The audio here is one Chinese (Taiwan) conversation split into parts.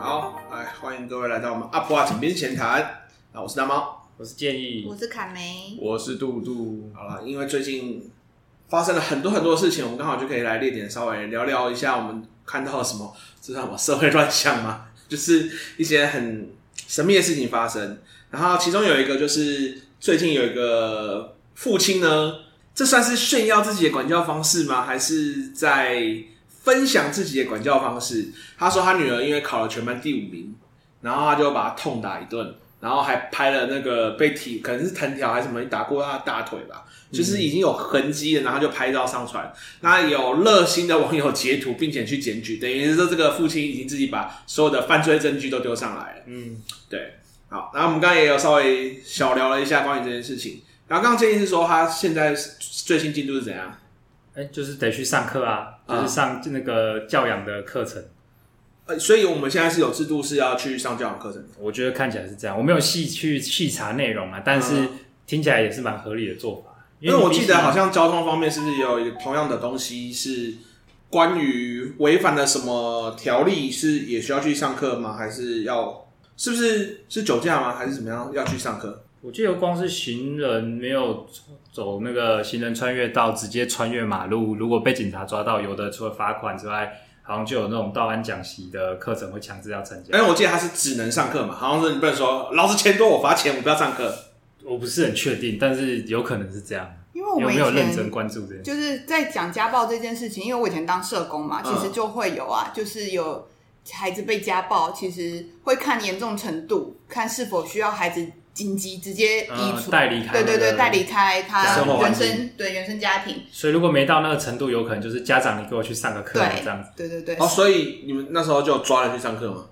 好，來，歡迎各位來到我們阿普蛙井邊閒談。啊，我是大貓，我是建議，我是卡梅，我是杜杜。嗯、好了，因為最近發生了很多很多事情，我們剛好就可以來列點，稍微聊聊一下我們看到了什麼，知道什麼社會亂象嗎？就是一些很神秘的事情發生，然後其中有一個就是最近有一個父親呢。這算是炫耀自己的管教方式嗎？還是在分享自己的管教方式？他說他女兒因為考了全班第五名，然後他就把她痛打一頓，然後還拍了那個被體可能是藤條還是什麼打過她的大腿吧，就是已經有痕跡了，然後就拍照上傳。嗯，那有熱心的網友截圖並且去檢舉，等於是說這個父親已經自己把所有的犯罪證據都丟上來了。嗯，對，好，那我們剛才也有稍微小聊了一下關於這件事情。然後剛剛建議是說，他現在最新進度是怎樣？哎，就是得去上課啊，就是上那個教養的課程、嗯。呃，所以我們現在是有制度是要去上教養課程。我覺得看起來是這樣，我沒有細去細查內容啊，但是聽起來也是蠻合理的做法。嗯、因為、因為我記得好像交通方面是不是有一個同樣的東西，是關於違反了什麼條例是也需要去上課嗎？還是要，是不是是酒駕嗎？還是怎麼樣要去上課？我記得光是行人沒有走那個行人穿越道，直接穿越馬路，如果被警察抓到，有的除了罰款之外，好像就有那種道安講習的課程會強制要參加。哎，我記得他是只能上課嘛，嗯、好像是你不能說老師錢多我罰錢我不要上課。我不是很確定，但是有可能是這樣。因為我沒有認真關注這件事，就是在講家暴這件事情，因為我以前當社工嘛，其實就會有啊，嗯、就是有孩子被家暴，其實會看嚴重程度，看是否需要孩子，緊急，直接移除、呃、帶離開，對對對，帶離開他，他原生，對原生家庭。所以如果沒到那個程度，有可能就是家長，你給我去上個課，對這樣子。對對對。哦，所以你們那時候就抓人去上課嗎？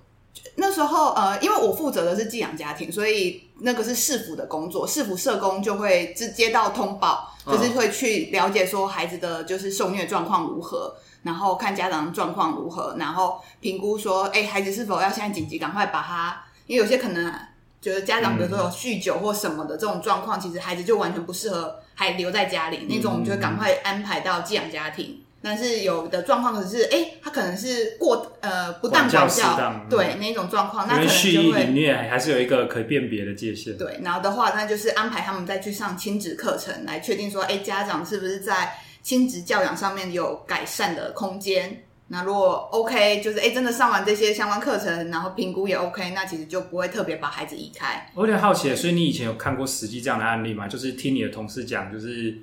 那時候呃，因為我負責的是寄養家庭，所以那個是市府的工作，市府社工就會直接到通報，就是會去了解說孩子的就是受虐狀況如何，然後看家長狀況如何，然後評估說，哎、欸，孩子是否要現在緊急趕快把他，因為有些可能、啊。覺得家長比如說有酗酒或什麼的這種狀況，嗯、其實孩子就完全不適合還留在家裡、嗯、那種，就趕快安排到寄養家庭。嗯、但是有的狀況可是，誒、欸、他可能是過呃不當管教，當嗯、對那種狀況，那可能就會你也還是有一個可以辨別的界限。對，然後的話，那就是安排他們再去上親子課程，來確定說，誒、欸、家長是不是在親子教養上面有改善的空間？那如果 OK，就是哎，真的上完這些相關課程，然後評估也 OK，那其實就不會特別把孩子移開。我有點好奇，所以你以前有看過實際這樣的案例嗎？就是聽你的同事講，就是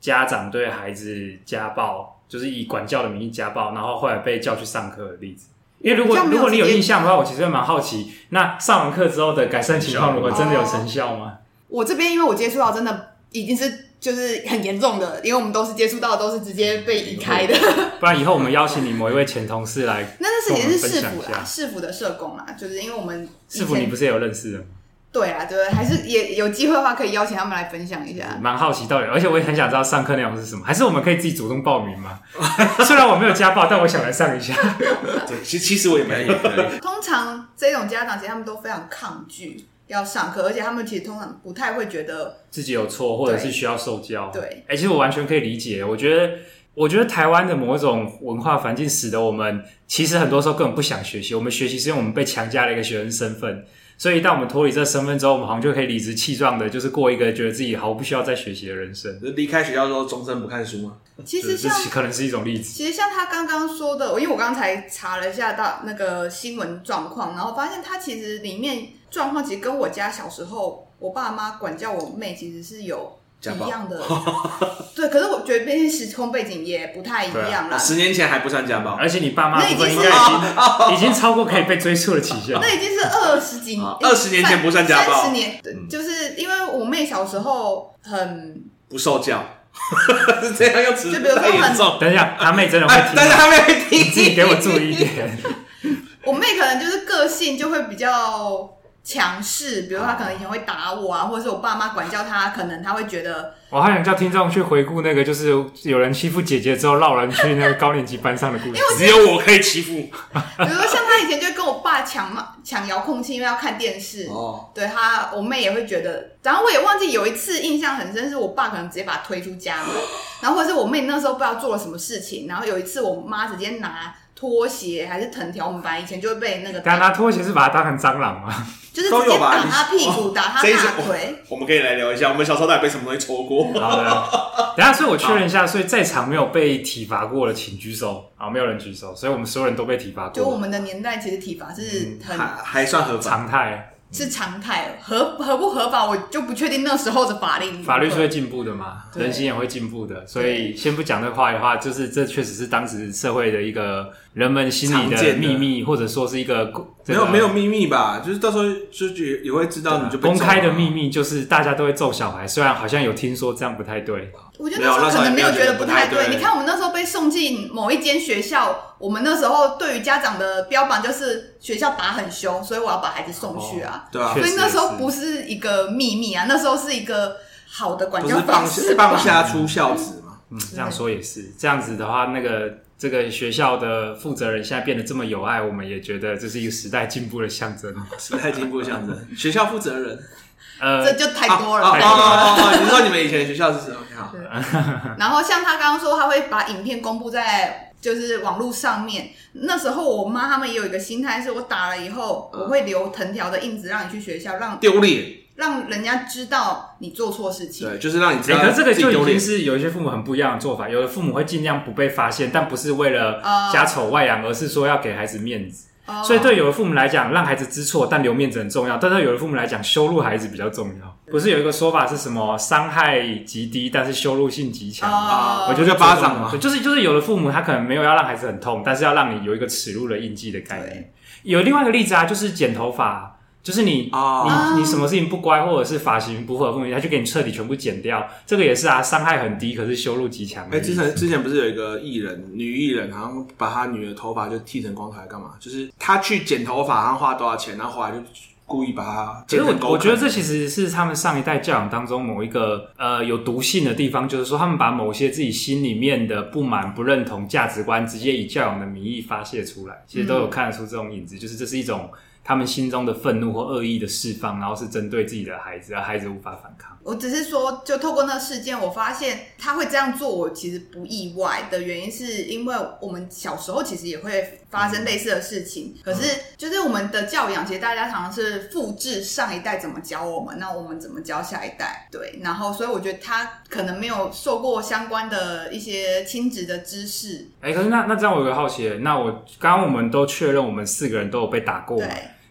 家長對孩子家暴，就是以管教的名義家暴，然後後來被叫去上課的例子。因為如果如果你有印象的話，我其實會蠻好奇，那上完課之後的改善情況，如果真的有成效嗎？我這邊因為我接觸到真的已經是。就是很嚴重的，因為我們都是接觸到，都是直接被移開的。不然以後我們邀請你某一位前同事來分享。那那已經是市府啦，市府的社工啦，就是因為我們市府你不是也有認識的？對啊，對、就是，還是也有機會的話，可以邀請他們來分享一下。蠻好奇到底，而且我也很想知道上課內容是什麼？還是我們可以自己主動報名嗎？ 雖然我沒有家暴， 但我想來上一下。對，其實 其實我也沒有。通常這種家長其實他們都非常抗拒。要上課，而且他們其實通常不太會覺得自己有錯，或者是需要受教。對，哎、欸，其實我完全可以理解。我覺得，我覺得台灣的某一種文化環境，使得我們其實很多時候根本不想學習。我們學習是因為我們被強加了一個學生身份，所以當我們脫離這個身份之後，我們好像就可以理直氣壯的，就是過一個覺得自己毫不需要再學習的人生。離開學校之後，終身不看書嗎？其實，這可能是一種例子。其實像他剛剛說的，因為我剛才查了一下到那個新聞狀況，然後發現他其實裡面。狀況其實跟我家小時候我爸媽管教我妹其實是有一樣的，假暴 對。可是我覺得畢竟時空背景也不太一樣了。啊、十年前還不算家暴，而且你爸媽那已經是已經、啊啊、已經超過可以被追溯的期限。啊啊啊啊、那已經是二十幾年、欸啊，二十年前不算家暴。三十年就是因為我妹小時候很不受教， 這樣又吃，就比如說很等一下，阿妹真的會聽，但是阿妹自己給我注意一點。 我妹可能就是個性就會比較。強勢，比如他可能以前會打我啊，啊或者是我爸媽管教他，可能他會覺得。我還想叫聽眾去回顧那個，就是有人欺負姐姐之後，鬧人去那個高年級班上的故事。 因為是只有我可以欺負。 比如說像他以前就會跟我爸搶搶遙控器，因為要看電視。哦。對他，我妹也會覺得。然後我也忘記有一次印象很深，是我爸可能直接把他推出家門，然後或者是我妹那時候不知道做了什麼事情。然後有一次我媽直接拿。拖鞋還是藤條？我們反正以前就會被那個。剛剛拖鞋是把它當成蟑螂嗎？就是直接打他屁股，打他大腿，哦我。我們可以來聊一下，我們小時候到底被什麼東西戳過？ 好的。等下，所以我確認一下，所以在場沒有被體罰過的請舉手。啊，沒有人舉手，所以我們所有人都被體罰過。就我們的年代其實體罰是很還算很常態。是常態，合合不合法，我就不確定那時候的法律。法律是會進步的嘛，對人心也會進步的，所以先不講這話的話，就是這確實是當時社會的一個人們心裡的秘密，或者說是一個、這個、沒有沒有秘密吧，就是到時候就也也會知道，你就不知道。公開的秘密就是大家都會揍小孩，雖然好像有聽說這樣不太對。我覺得那時候可能沒有覺得不太對，你看我們那時候被送進某一間學校，我們那時候對於家長的標榜就是學校打很兇，所以我要把孩子送去啊。對啊，所以那時候不是一個秘密啊，那時候是一個好的管教方式，棒下出孝子嘛。嗯、嗯，這樣說也是這樣子的話，那個這個學校的負責人現在變得這麼有愛，我們也覺得這是一個時代進步的象徵。時代進步的象徵，學校負責人。呃，這就太多了。你知道你們以前學校是什麼？然後像他剛剛說，他會把影片公布在就是網絡上面。那時候我媽他們也有一個心態，是我打了以後，我會留藤條的印子，讓你去學校，讓丟臉，裂讓人家知道你做錯事情。對，就是讓你知道。哎、欸，可是這個就已經是有一些父母很不一樣的做法，有的父母會儘量不被發現，但不是為了家醜外揚，嗯、而是說要給孩子面子。所以，對有的父母來講，讓孩子知錯但留面子很重要；但對有的父母來講，羞辱孩子比較重要。不是有一個說法是什麼？傷害極低，但是羞辱性極強。我覺得巴掌嘛，就是就是有的父母他可能沒有要讓孩子很痛，但是要讓你有一個恥辱的印記的概念。對有另外一個例子啊，就是剪頭髮。就是你，oh, 你你什麼事情不乖，或者是髮型不符合規矩，他就給你徹底全部剪掉。這個也是啊，傷害很低，可是羞辱極強。哎、欸，之前之前不是有一個藝人，女藝人，好像把她女兒頭髮就剃成光頭，幹嘛？就是她去剪頭髮，然後花多少錢，然後後來就故意把他成。剪。其實我我覺得這其實是他們上一代教養當中某一個呃有毒性的地方，就是說他們把某些自己心裡面的不滿、不認同價值觀，直接以教養的名義發泄出來。其實都有看得出這種影子，嗯、就是這是一種。他們心中的憤怒或惡意的釋放，然後是針對自己的孩子，而孩子無法反抗。我只是說，就透過那個事件，我發現他會這樣做我，我其實不意外的原因，是因為我們小時候其實也會發生類似的事情。嗯、可是，嗯、就是我們的教養，其實大家常常是複製上一代怎麼教我們，那我們怎麼教下一代？對。然後，所以我覺得他可能沒有受過相關的一些親職的知識。哎、欸，可是那那這樣，我有個好奇，那我剛剛我們都確認，我們四個人都有被打過。對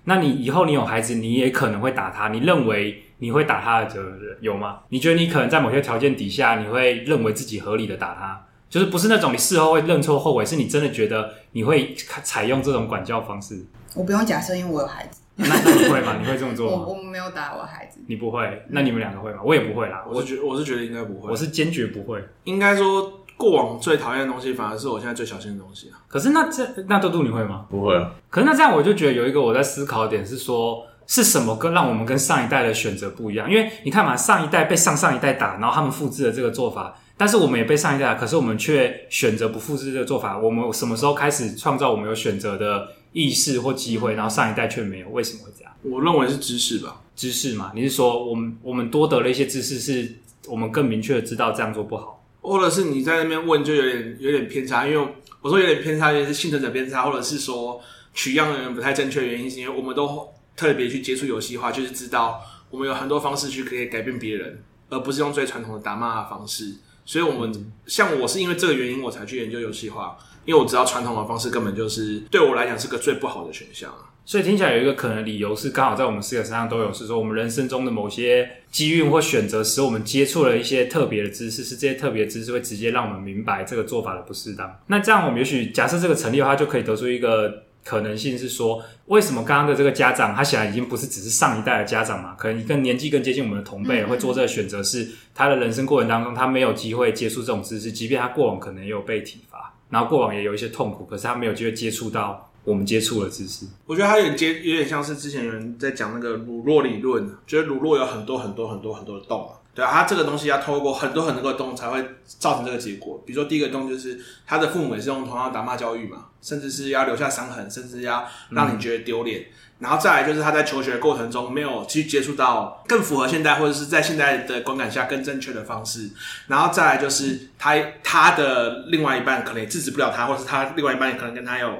那你以後你有孩子，你也可能會打他，你認為你會打他的責任有嗎？你覺得你可能在某些條件底下，你會認為自己合理的打他，就是不是那種你事後會認錯後悔，是你真的覺得你會採用這種管教方式？我不用假設，因為我有孩子。 那你會嗎？你會這麼做嗎？我我沒有打我的孩子。你不會？那你們兩個會嗎？我也不會啦。我，我覺得我是覺得應該不會，我是堅決不會。應該說。過往最討厭的東西，反而是我現在最小心的東西啊。可是那這那豆豆你會嗎？不會啊。可是那這樣我就覺得有一個我在思考點是說，是什麼跟讓我們跟上一代的選擇不一樣？因為你看嘛，上一代被上上一代打，然後他們複製了這個做法，但是我們也被上一代打，可是我們卻選擇不複製這個做法。我們什麼時候開始創造我們有選擇的意識或機會？然後上一代卻沒有，為什麼會這樣？我認為是知識吧，知識嘛。你是說我們我們多得了一些知識，是我們更明確的知道這樣做不好。或者是你在那邊問就有點有點偏差，因為我說有點偏差也是倖存者偏差，或者是說取樣的人不太正確。原因是因為我們都特別去接觸遊戲化，就是知道我們有很多方式去可以改變別人，而不是用最傳統的打罵的方式。所以，我們像我是因為這個原因我才去研究遊戲化，因為我知道傳統的方式根本就是對我來講是個最不好的選項。所以聽起來有一個可能理由是，剛好在我們四個身上都有，是說我們人生中的某些機遇或選擇，使我們接觸了一些特別的知識，是這些特別的知識會直接讓我們明白這個做法的不適當。那這樣，我們也許假設這個成立的話，就可以得出一個可能性是說，為什麼剛剛的這個家長，他顯然已經不是只是上一代的家長嘛？可能跟年紀更接近我們的同輩會做這個選擇，是他的人生過程當中，他沒有機會接觸這種知識，即便他過往可能也有被體罰，然後過往也有一些痛苦，可是他沒有機會接觸到。我們接觸的知識，我覺得他有點接，有點像是之前有人在講那個乳酪理論，覺得乳酪有很多很多很多很多的洞啊。對啊，他這個東西要透過很多很多個洞才會造成這個結果。比如說第一個洞就是他的父母也是用同樣打罵教育嘛，甚至是要留下傷痕，甚至要讓你覺得丟臉。嗯然後再來就是他在求學的過程中沒有去接觸到更符合現在或者是在現在的觀感下更正確的方式，然後再來就是他他的另外一半可能也制止不了他，或者他另外一半也可能跟他有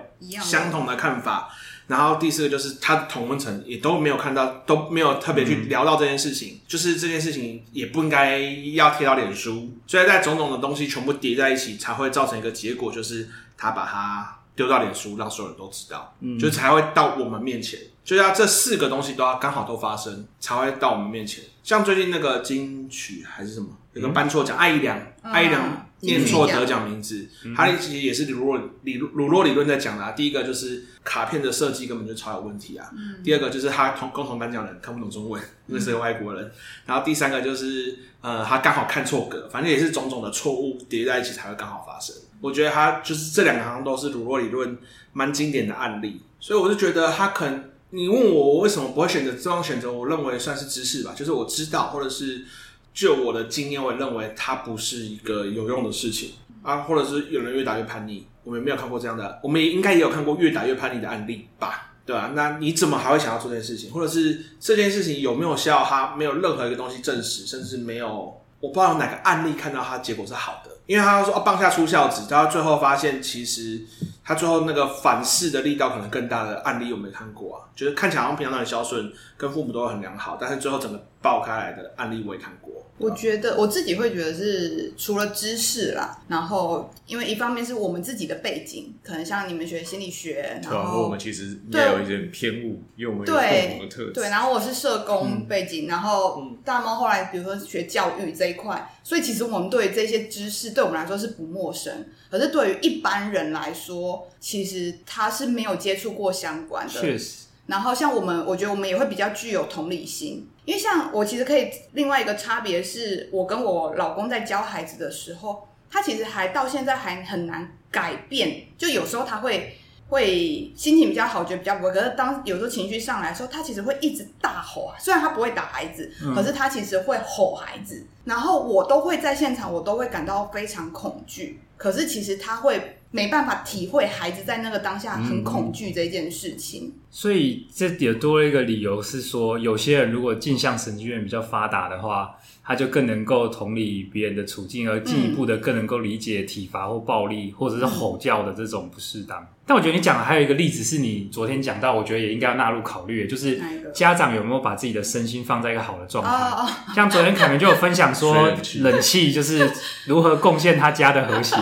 相同的看法。了然後第四個就是他的同溫層也都沒有看到，都沒有特別去聊到這件事情，嗯、就是這件事情也不應該要貼到臉書。所以在種種的東西全部疊在一起，才會造成一個結果，就是他把他。丟到臉書，讓所有人都知道，嗯、就才會到我們面前。就要這四個東西都要剛好都發生，才會到我們面前。像最近那個金曲還是什麼，嗯、有個頒錯獎，艾怡良，艾、哦、怡良念錯得獎名字，他其實也是乳酪理乳酪理論在講的、啊。第一個就是卡片的設計根本就超有問題啊。嗯、第二個就是他同共同頒獎人看不懂中文，嗯、因為是個外國人。然後第三個就是呃，他剛好看錯格，反正也是種種的錯誤疊在一起才會剛好發生。我覺得他就是這兩個好像都是盧洛理論蠻經典的案例，所以我就覺得他可能你問我，我為什麼不會選擇這方選擇，我認為算是知識吧，就是我知道或者是就我的經驗，我認為它不是一個有用的事情啊，或者是有人越打越叛逆，我們沒有看過這樣的，我們也應該也有看過越打越叛逆的案例吧，對吧、啊？那你怎麼還會想要做這件事情，或者是這件事情有沒有需要他沒有任何一個東西證實，甚至是沒有我不知道哪個案例看到他結果是好的。因為他說：“哦，棒下出孝子。”到最後發現，其實。他最後那個反噬的力道可能更大的案例我沒看過啊，就是看起來好像平常都很孝順，跟父母都很良好，但是最後整個爆開來的案例我也看過。我覺得我自己會覺得是除了知識啦，然後因為一方面是我們自己的背景，可能像你們學心理學，對、後、哦、我們其實也有一點偏誤，因為我們不同的特質。對，然後我是社工背景，嗯、然後、嗯、大貓後來比如說學教育這一塊，所以其實我們對這些知識對我們來說是不陌生。可是對於一般人來說，其實他是沒有接觸過相關的。確實。然後像我們，我覺得我們也會比較具有同理心，因為像我其實可以另外一個差別是，我跟我老公在教孩子的時候，他其實還到現在還很難改變，就有時候他會。會心情比較好，覺得比較乖。可是當有時候情緒上來的時候，他其實會一直大吼啊。雖然他不會打孩子，可是他其實會吼孩子。嗯、然後我都會在現場，我都會感到非常恐懼。可是其實他會沒辦法體會孩子在那個當下很恐懼這件事情。所以這也多了一個理由，是說有些人如果鏡像神經元比較發達的話。他就更能夠同理別人的處境，而進一步的更能夠理解體罰或暴力，或者是吼叫的這種不適當。但我覺得你講的還有一個例子，是你昨天講到，我覺得也應該要納入考慮，就是家長有沒有把自己的身心放在一個好的狀態。像昨天凱明就有分享說，冷氣就是如何貢獻他家的和諧。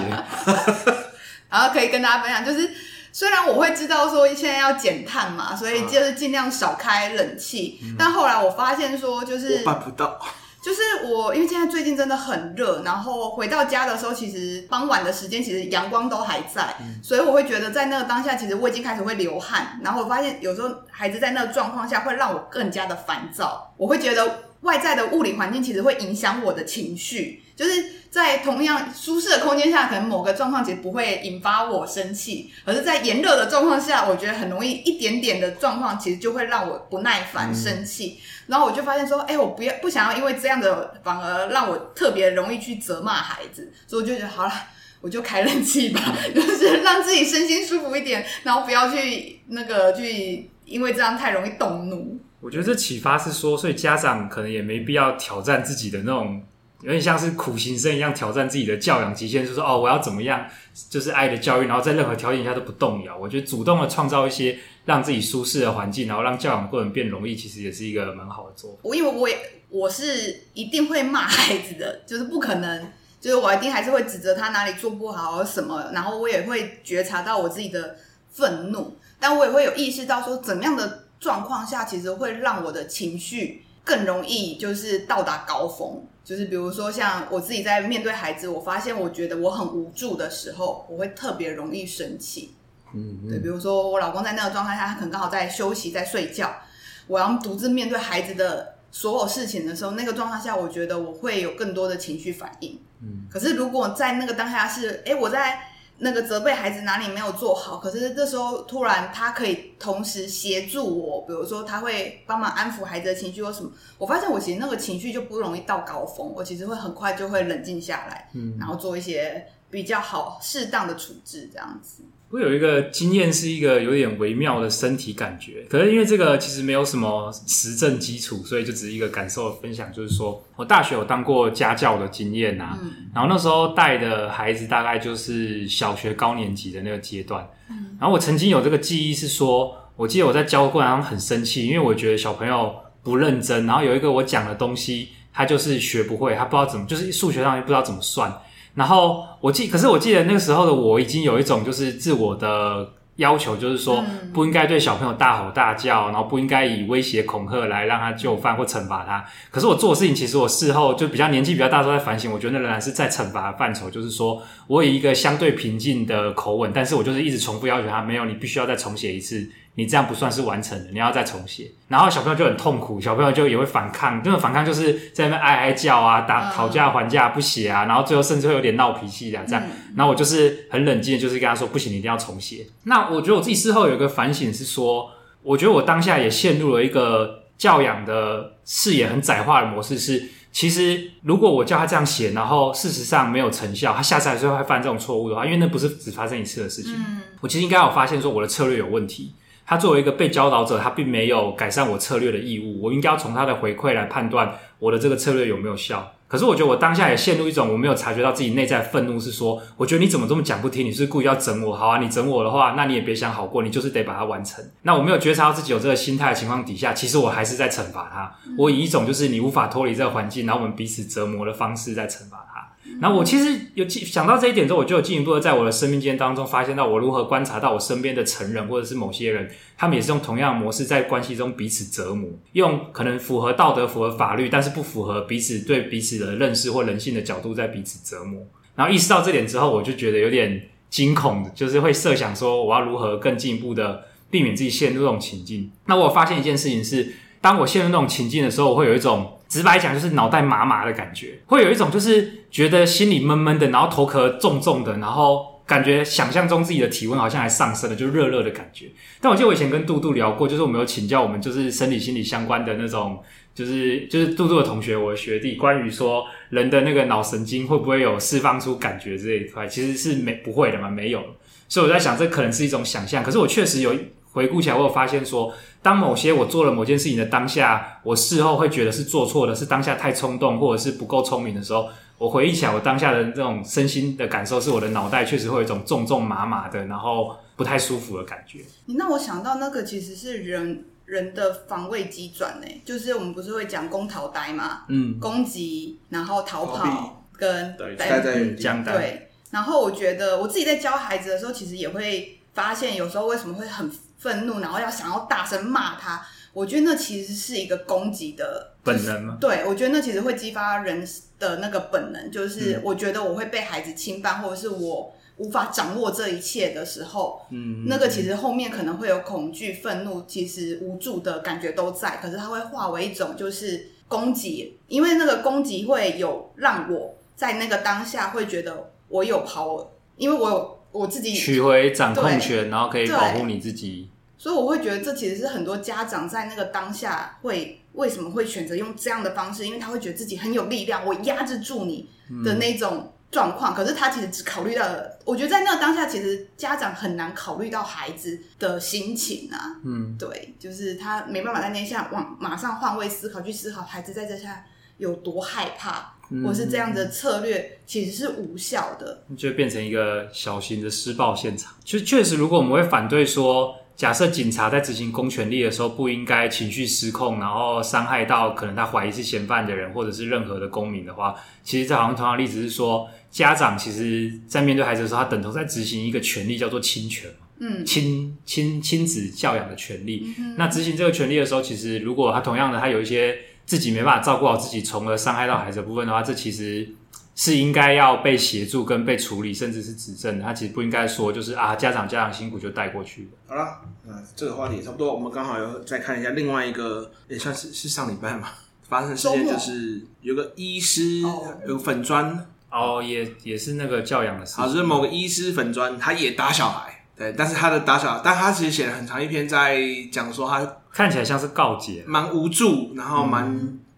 然後可以跟大家分享，就是雖然我會知道說現在要減碳嘛，所以就是儘量少開冷氣。但後來我發現說，就是我辦不到。就是我，因為現在最近真的很熱，然後回到家的時候，其實傍晚的時間，其實陽光都還在，嗯，所以我會覺得在那個當下，其實我已經開始會流汗，然後我發現有時候孩子在那個狀況下會讓我更加的煩躁，我會覺得外在的物理環境其實會影響我的情緒。就是在同樣舒適的空間下，可能某個狀況其實不會引發我生氣，可是在炎熱的狀況下，我覺得很容易一點點的狀況，其實就會讓我不耐煩生氣。嗯、然後我就發現說，哎、欸，我不要不想要因為這樣的，反而讓我特別容易去責罵孩子。所以我就覺得好了，我就開冷氣吧，嗯、就是讓自己身心舒服一點，然後不要去那個去因為這樣太容易動怒。我覺得這啟發是說，所以家長可能也沒必要挑戰自己的那種。有點像是苦行僧一樣挑戰自己的教養極限，就是說，哦，我要怎麼樣，就是愛的教育，然後在任何條件下都不動搖。我覺得主動的創造一些讓自己舒適的環境，然後讓教養過程變容易，其實也是一個蠻好的做法。我因為我也，我是一定會罵孩子的，就是不可能，就是我一定還是會指責他哪裡做不好什麼，然後我也會覺察到我自己的憤怒，但我也會有意識到說怎樣的狀況下，其實會讓我的情緒更容易，就是到達高峰。就是比如說，像我自己在面對孩子，我發現我覺得我很無助的時候，我會特別容易生氣。嗯，嗯對，比如說我老公在那個狀態下，他可能剛好在休息、在睡覺，我要獨自面對孩子的所有事情的時候，那個狀態下，我覺得我會有更多的情緒反應。嗯，可是如果在那個當下是，誒，我在。那個責備孩子哪裡沒有做好，可是這時候突然他可以同時協助我，比如說他會幫忙安撫孩子的情緒或什麼。我發現我其實那個情緒就不容易到高峰，我其實會很快就會冷靜下來，然後做一些比較好適當的處置，這樣子。我有一個經驗，是一個有點微妙的身體感覺，可是因為這個其實沒有什麼實證基礎，所以就只是一個感受分享。就是說我大學有當過家教的經驗啊，嗯、然後那時候帶的孩子大概就是小學高年級的那個階段。嗯、然後我曾經有這個記憶是說，我記得我在教過，然後很生氣，因為我覺得小朋友不認真。然後有一個我講的東西，他就是學不會，他不知道怎麼，就是數學上又不知道怎麼算。然後我記，可是我記得那個時候的我已經有一種就是自我的要求，就是說不應該對小朋友大吼大叫，嗯、然後不應該以威脅恐嚇來讓他就範或懲罰他。可是我做的事情，其實我事後就比較年紀比較大的時候在反省，我覺得仍然是在懲罰的範疇，就是說我以一個相對平靜的口吻，但是我就是一直重複要求他，沒有你必須要再重寫一次。你這樣不算是完成了，你要再重寫。然後小朋友就很痛苦，小朋友就也會反抗，這種反抗就是在那邊哀哀叫啊，打討價還價不寫啊，然後最後甚至會有點鬧脾氣這樣，這樣。嗯。然後我就是很冷靜的，就是跟他說：“不行，你一定要重寫。”那我覺得我自己事後有一個反省是說，我覺得我當下也陷入了一個教養的視野很窄化的模式。是，其實如果我叫他這樣寫，然後事實上沒有成效，他下次還是會犯這種錯誤的話，因為那不是只發生一次的事情。嗯，我其實應該有發現說我的策略有問題。他作為一個被教導者，他並沒有改善我策略的義務。我應該要從他的回饋來判斷我的這個策略有沒有效。可是我覺得我當下也陷入一種我沒有察覺到自己內在憤怒，是說，我覺得你怎麼這麼講不聽？你是不是故意要整我？好啊，你整我的話，那你也別想好過，你就是得把它完成。那我沒有覺察到自己有這個心態的情況底下，其實我還是在懲罰他。我以一種就是你無法脫離這個環境，然後我們彼此折磨的方式在懲罰他。然後我其實有進想到這一點之後，我就有進一步的在我的生命經驗當中發現到，我如何觀察到我身邊的成人或者是某些人，他們也是用同樣的模式在關係中彼此折磨，用可能符合道德、符合法律，但是不符合彼此對彼此的認識或人性的角度在彼此折磨。然後意識到這點之後，我就覺得有點驚恐，就是會設想說，我要如何更進一步的避免自己陷入這種情境。那我發現一件事情是，當我陷入那種情境的時候，我會有一種。直白講就是腦袋麻麻的感覺，會有一種就是覺得心裡悶悶的，然後頭殼重重的，然後感覺想象中自己的體溫好像還上升了，就熱熱的感覺。但我記得我以前跟杜杜聊過，就是我們有請教我們就是生理心理相關的那種，就是就是杜杜的同學我的學弟，關於說人的那個腦神經會不會有釋放出感覺這一塊，其實是沒不會的嘛，沒有。所以我在想這可能是一種想象，可是我確實有。回顧起來，我有發現說，當某些我做了某件事情的當下，我事後會覺得是做錯的，是當下太衝動，或者是不夠聰明的時候，我回憶起來，我當下的這種身心的感受，是我的腦袋確實會有一種重重麻麻的，然後不太舒服的感覺。你讓、欸、我想到那個其實是人人的防衛機轉呢，就是我們不是會講攻逃呆嘛，嗯，攻擊然後逃跑比跟呆呆僵呆，對，嗯、對。然後我覺得我自己在教孩子的時候，其實也會發現，有時候為什麼會很。憤怒，然後要想要大聲罵他，我覺得那其實是一個攻擊的、就是、本能嗎？對，我覺得那其實會激發人的那個本能，就是我覺得我會被孩子侵犯，或者是我無法掌握這一切的時候，嗯，那個其實後面可能會有恐懼、憤怒，其實無助的感覺都在，可是它會化為一種就是攻擊，因為那個攻擊會有讓我在那個當下會覺得我有 power，因為我有。我自己取回掌控權，對那然後可以保護你自己。所以我會覺得這其實是很多家長在那個當下會為什麼會選擇用這樣的方式，因為他會覺得自己很有力量，我壓制住你的那種狀況。嗯、可是他其實只考慮到，我覺得在那個當下，其實家長很難考慮到孩子的心情啊。嗯，對，就是他沒辦法在那下往馬上換位思考，去思考孩子在這下有多害怕。我是這樣的策略，嗯、其實是無效的，就變成一個小型的施暴現場。其實確實，如果我們會反對說，假設警察在執行公權力的時候不應該情緒失控，然後傷害到可能他懷疑是嫌犯的人，或者是任何的公民的話，其實這好像同樣的例子是說，家長其實在面對孩子的時候，他等同在執行一個權利叫做親權，嗯，親親親子教養的權利。嗯、哼那執行這個權利的時候，其實如果他同樣的，他有一些。自己沒辦法照顧好自己，從而傷害到孩子的部分的話，這其實是應該要被協助跟被處理，甚至是指正的。他其實不應該說就是啊，家長家長辛苦就帶過去。好啦，嗯，這個話題也差不多，我們剛好要再看一下另外一個，也、欸、算是是上禮拜嘛發生的事件，就是有個醫師、哦、有粉專哦，也也是那個教養的事情，好像某個醫師粉專，他也打小孩。對，但是他的打小孩，但他其實寫了很長一篇，在講說他看起來像是告誡，蠻無助，然後蠻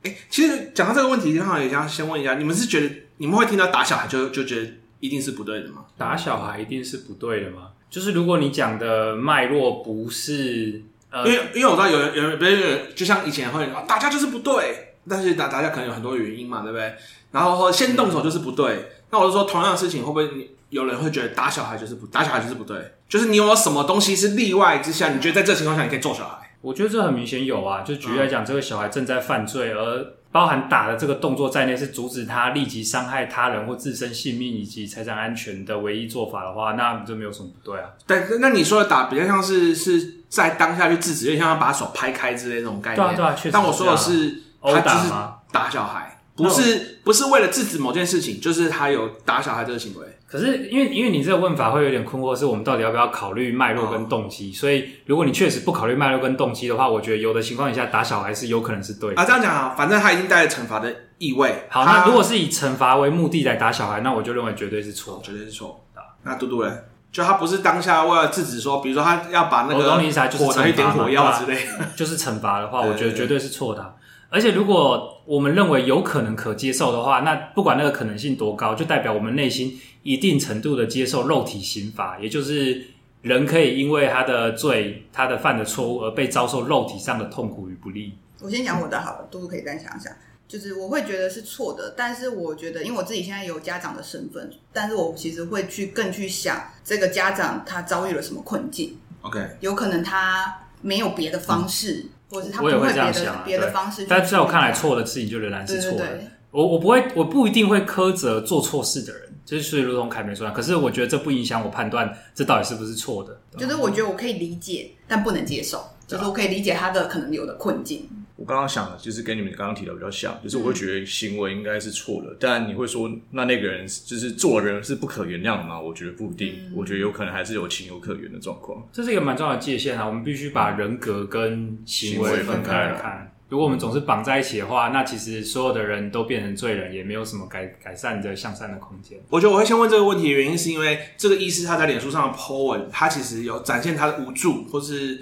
哎、嗯，其實講到這個問題，剛好也想先問一下，你們是覺得你們會聽到打小孩就就覺得一定是不對的嗎？打小孩一定是不對的嗎？就是如果你講的脈絡不是，呃，因為因為我知道有人有人，不是有人，就像以前會說打架就是不對，但是打打架可能有很多原因嘛，對不對？然後，後先動手就是不對，嗯、那我就說同樣的事情會不會你？有人會覺得打小孩就是不打小孩就是不對，就是你有沒有什麼東西是例外之下，你覺得在這個情況下你可以揍小孩？我覺得這很明顯有啊。就舉例來講，嗯、這個小孩正在犯罪，而包含打的這個動作在內，是阻止他立即傷害他人或自身性命以及財產安全的唯一做法的話，那你就沒有什麼不對啊。但那你說的打比較像是是在當下去制止，就像要把手拍開之類這種概念。對啊，對啊，確實。但我說的是毆打嗎？打小孩不是我不是為了制止某件事情，就是他有打小孩這個行為。可是，因為因為你這個問法會有點困惑，是我們到底要不要考慮脈絡跟動機？哦、所以，如果你確實不考慮脈絡跟動機的話，我覺得有的情況底下打小孩是有可能是對的啊。這樣講啊，反正他已經帶了懲罰的意味。好，他那如果是以懲罰為目的來打小孩，那我就認為絕對是錯、哦，絕對是錯的。啊、那嘟嘟人，就他不是當下為了制止說，比如說他要把那個火成一點火藥之類，的，就是懲罰的話， 對對對對，我覺得絕對是錯的、啊。而且，如果我們認為有可能可接受的話，那不管那個可能性多高，就代表我們內心一定程度的接受肉體刑罰，也就是人可以因為他的罪、他的犯的錯誤而被遭受肉體上的痛苦與不利。我先講我的好了，杜、嗯、可以再想一想。就是我會覺得是錯的，但是我覺得，因為我自己現在有家長的身份，但是我其實會去更去想這個家長他遭遇了什麼困境。OK，有可能他沒有別的方式。嗯他不會的，我也會這樣想、啊別的方式他，但在我看來，錯的事情就仍然是錯的。對對對我。我我不會，我不一定會苛責做錯事的人，就是如同凱文說的。可是，我覺得這不影響我判斷這到底是不是錯的。就是我覺得我可以理解，嗯、但不能接受。嗯、就是我可以理解他的可能有的困境。我剛剛想的就是跟你們剛剛提到比較像，就是我會覺得行為應該是錯的。嗯、但你會說那那個人，就是做的人是不可原諒的嗎？我覺得不一定，嗯、我覺得有可能還是有情有可原的狀況。這是一個蠻重要的界限啊，我們必須把人格跟行為分開來看。嗯、如果我們總是綁在一起的話，嗯、那其實所有的人都變成罪人，也沒有什麼改改善的向善的空間。我覺得我會先問這個問題的原因，是因為這個醫師他在臉書上的 po 文，他其實有展現他的無助，或是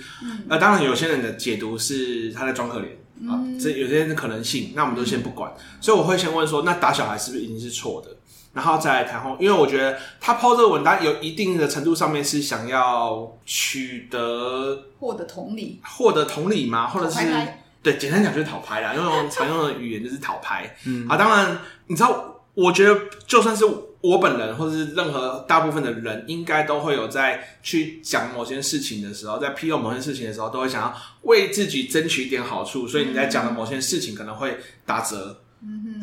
呃，當然有些人的解讀是他在裝可憐。嗯、啊，這有些的可能性，那我們就先不管。嗯、所以我會先問說，那打小孩是不是已經是錯的？然後再來談後，因為我覺得他拋這個文單，有一定的程度上面是想要取得獲得同理，獲得同理嘛，或者是討牌對，簡單講就是討牌啦，因為我們常用的語言就是討牌。 嗯、啊，當然，你知道，我覺得就算是。我本人，或者是任何大部分的人，應該都會有在去講某些事情的時候，在披露某些事情的時候，都會想要為自己爭取一點好處。所以你在講的某些事情可能會打折。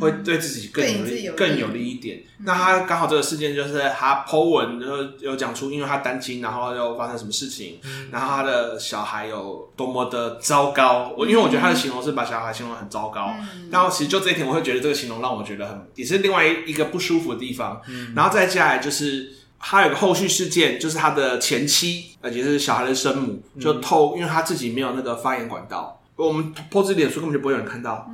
會對自己更有利，更有利一點。那他剛好這個事件就是他 PO 文，然後有講出，因為他單親，然後又發生什麼事情，然後他的小孩有多麼的糟糕。我因為我覺得他的形容是把小孩形容很糟糕。然後其實就這一點，我會覺得這個形容讓我覺得很也是另外一一個不舒服的地方。然後再接下來就是他有個後續事件，就是他的前妻，而且是小孩的生母，就透，因為他自己沒有那個發言管道，我們 PO 這子臉書根本就不會有人看到。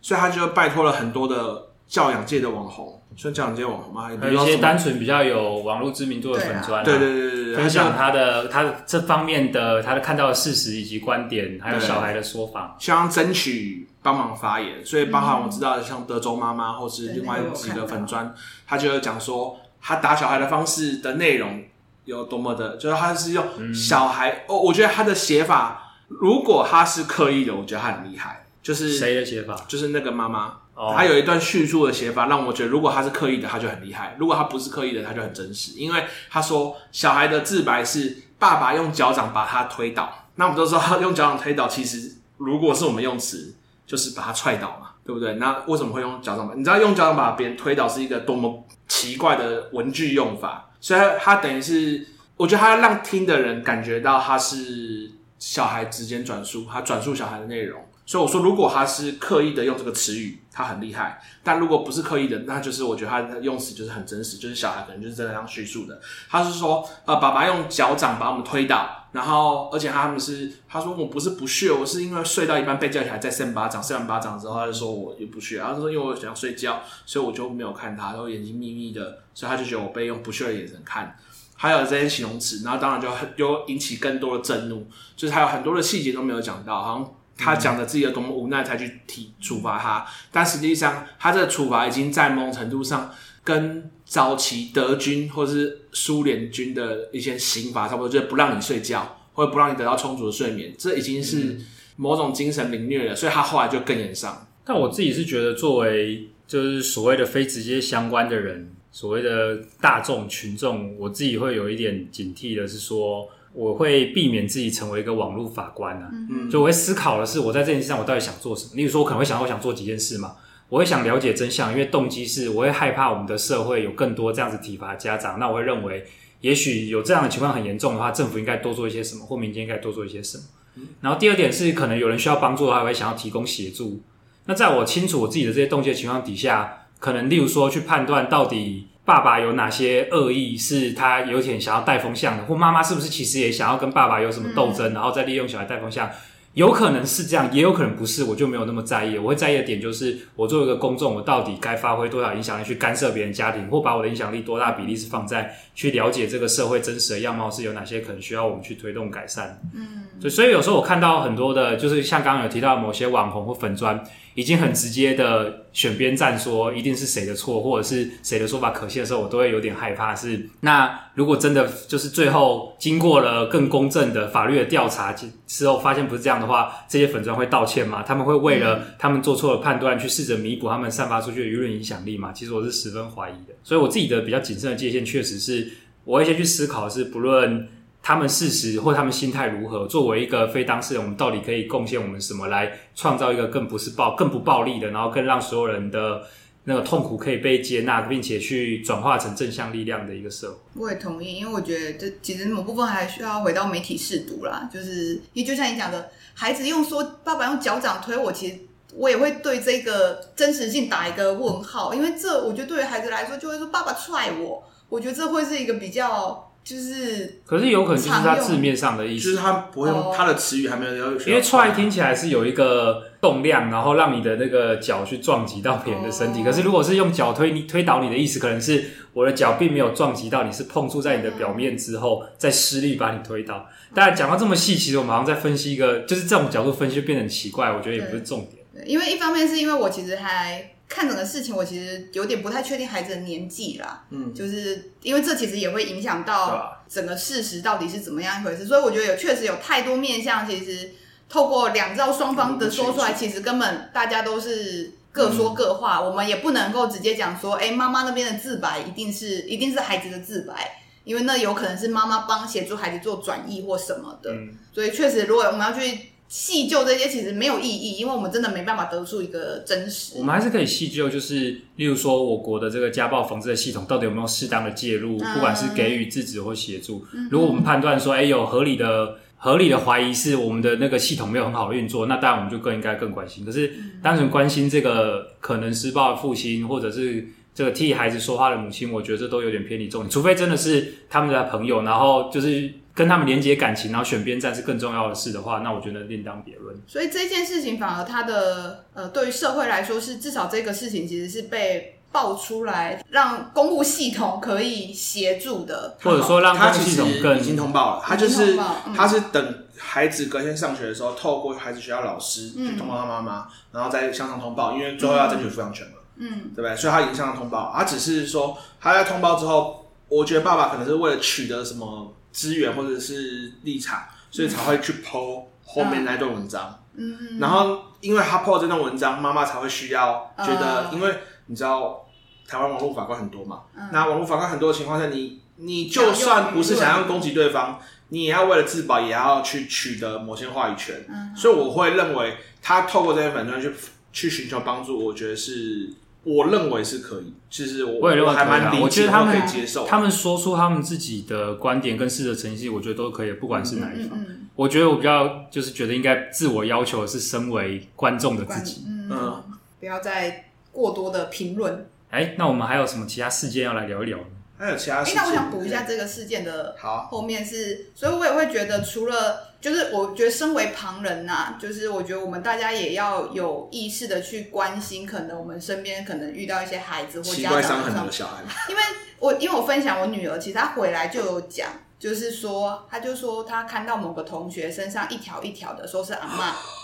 所以他就拜託了很多的教養界的網紅，所以教養界的網紅嘛，有一些單純比較有網絡知名度的粉專、啊啊，對對對對對，分享他的他這方面的他的看到的事實以及觀點，啊、還有小孩的說法，希望爭取幫忙發言。所以包含我知道的，像德州媽媽、嗯、或是另外幾個粉專，他就有講說他打小孩的方式的內容有多麼的，就是他是用小孩、嗯、哦，我覺得他的寫法，如果他是刻意的，我覺得他很厲害。就是誰的寫法？就是那個媽媽，oh. 她有一段敘述的寫法，讓我覺得，如果她是刻意的，她就很厲害；如果她不是刻意的，她就很真實。因為她說，小孩的自白是爸爸用腳掌把他推倒。那我們都知道，用腳掌推倒，其實如果是我們用詞，就是把他踹倒嘛，對不對？那為什麼會用腳掌？你知道用腳掌把別人推倒是一個多麼奇怪的文句用法？所以她，他等於是，我覺得他讓聽的人感覺到他是小孩之間轉述，他轉述小孩的內容。所以我說，如果他是刻意的用這個詞語，他很厲害；但如果不是刻意的，那就是我覺得他用詞就是很真實，就是小孩可能就是這樣敘述的。他是說，呃，爸爸用腳掌把我們推倒，然後而且他，他們是他說我不是不屑，我是因為睡到一半被叫起來，再扇巴掌，扇完巴掌之後，他就說我也不屑，然後他說因為我想要睡覺，所以我就沒有看他，然後眼睛眯眯的，所以他就覺得我被用不屑的眼神看。還有這些形容詞，然後當然就很又引起更多的震怒，就是還有很多的細節都沒有講到，好像。嗯、他講的自己有多麼無奈，才去提處罰他，但實際上，他這個處罰已經在某種程度上跟早期德軍或者是蘇聯軍的一些刑罰差不多，就是不讓你睡覺，或者不讓你得到充足的睡眠，這已經是某種精神凌虐了。嗯、所以，他後來就更嚴上。但我自己是覺得，作為就是所謂的非直接相關的人，所謂的大眾群眾，我自己會有一點警惕的，是說。我會避免自己成為一個網絡法官、啊、嗯哼，就我會思考的是，我在這件事上我到底想做什麼。例如說，我可能會想，我想做幾件事嘛，我會想了解真相，因為動機是，我會害怕我們的社會有更多這樣子體罰家長。那我會認為，也許有這樣的情況很嚴重的話，政府應該多做一些什麼，或民間應該多做一些什麼。嗯、然後第二點是，可能有人需要幫助的話，我會想要提供協助。那在我清楚我自己的這些動機的情況底下，可能例如說去判斷到底。爸爸有哪些惡意？是他有點想要帶風向的，或媽媽是不是其實也想要跟爸爸有什麼鬥爭，嗯、然後再利用小孩帶風向？有可能是這樣，也有可能不是。我就沒有那麼在意。我會在意的點就是，我做一個公眾，我到底該發揮多少影響力去干涉別人家庭，或把我的影響力多大比例是放在去了解這個社會真實的樣貌，是有哪些可能需要我們去推動改善？嗯。所以有時候我看到很多的，就是像剛剛有提到的某些網紅或粉專，已經很直接的選邊站，說一定是誰的錯，或者是誰的說法可信的時候，我都會有點害怕是。是那如果真的就是最後經過了更公正的法律的調查之後，發現不是這樣的話，這些粉專會道歉嗎？他們會為了他們做錯了判斷去試着彌補他們散發出去的輿論影響力嗎？其實我是十分懷疑的。所以我自己的比較謹慎的界限，確實是我會先去思考的是不論。他們事實或他們心態如何？作為一個非當事人，我們到底可以貢獻我們什麼，來創造一個更不是暴、更不暴力的，然後更讓所有人的那個痛苦可以被接納，並且去轉化成正向力量的一個社會？我也同意，因為我覺得這其實某部分還需要回到媒體識讀啦。就是，因為就像你講的，孩子用說“爸爸用腳掌推我”，其實我也會對這個真實性打一個問號，因為這我覺得對於孩子來說，就會說“爸爸踹我”，我覺得這會是一個比較。就是，可是有可能就是它字面上的意思，就是它不會用它、哦、的詞語還沒有，因為踹聽起來是有一個動量，嗯、然後讓你的那個腳去撞擊到別人的身體。哦、可是如果是用腳推你、推倒你的意思，可能是我的腳並沒有撞擊到，你是碰觸在你的表面之後、嗯、再施力把你推倒。當然講到這麼細，其實我們好像在分析一個，就是這種角度分析就變得很奇怪，我覺得也不是重點，對對。因為一方面是因為我其實還看整個事情，我其實有點不太確定孩子的年紀啦，嗯，就是因為這其實也會影響到整個事實到底是怎麼樣一回事，嗯、所以我覺得有確實有太多面向，其實透過兩造雙方的說出來，嗯、其實根本大家都是各說各話，嗯、我們也不能夠直接講說，哎、欸，媽媽那邊的自白一定是一定是孩子的自白，因為那有可能是媽媽幫協助孩子做轉譯或什麼的，嗯、所以確實如果我們要去。細究這些其實沒有意義，因為我們真的沒辦法得出一個真實。我們還是可以細究，就是例如說，我國的這個家暴防治的系統到底有沒有適當的介入，嗯、不管是給予制止或協助。嗯、哼如果我們判斷說，哎，有合理的合理的懷疑是我們的那個系統沒有很好運作，那當然我們就更應該更關心。可是、嗯、單純關心這個可能施暴的父親，或者是這個替孩子說話的母親，我覺得這都有點偏離重點。除非真的是他們的朋友，然後就是。跟他們連接感情，然後選邊站是更重要的事的話，那我覺得另當別論。所以這件事情反而他的呃，對於社會來說是至少這個事情其實是被爆出來，讓公務系統可以協助的，或者說讓他其實已經通報了。他就是他、嗯、是等孩子隔天上學的時候，透過孩子學校老師去通報他媽媽，嗯、然後再向上通報，因為最後要爭取撫養權了嗯，嗯，對不對？所以他已經向上通報，他只是說他在通報之後，我覺得爸爸可能是為了取得什麼。資源或者是立場，所以才會去 PO 後面那段文章。嗯，嗯嗯然後因為他 PO 這段文章，媽媽才會需要覺得，因為你知道台灣網絡法官很多嘛，嗯、那網絡法官很多的情況下，你你就算不是想要攻擊對方，你也要為了自保，也要去取得某些話語權。嗯，所以我會認為他透過這些文章去去尋求幫助，我覺得是。我認為是可以，其實我，我也認為可以啊。我覺得他們可以接受，他們說出他們自己的觀點跟事實誠信，我覺得都可以，不管是哪一方。嗯嗯嗯嗯，我覺得我比較就是覺得應該自我要求的是身為觀眾的自己，嗯，不要再過多的評論。哎、嗯欸，那我們還有什麼其他事件要來聊一聊呢？還有其他、欸？那我想補一下這個事件的，好，後面是，所以我也會覺得除了。就是我覺得身為旁人吶、啊，就是我覺得我們大家也要有意識的去關心，可能我們身邊可能遇到一些孩子或家長小孩 因為我因為我分享我女兒，其實她回來就有講，就是說她就說她看到某個同學身上一條一條的，說是阿嬤。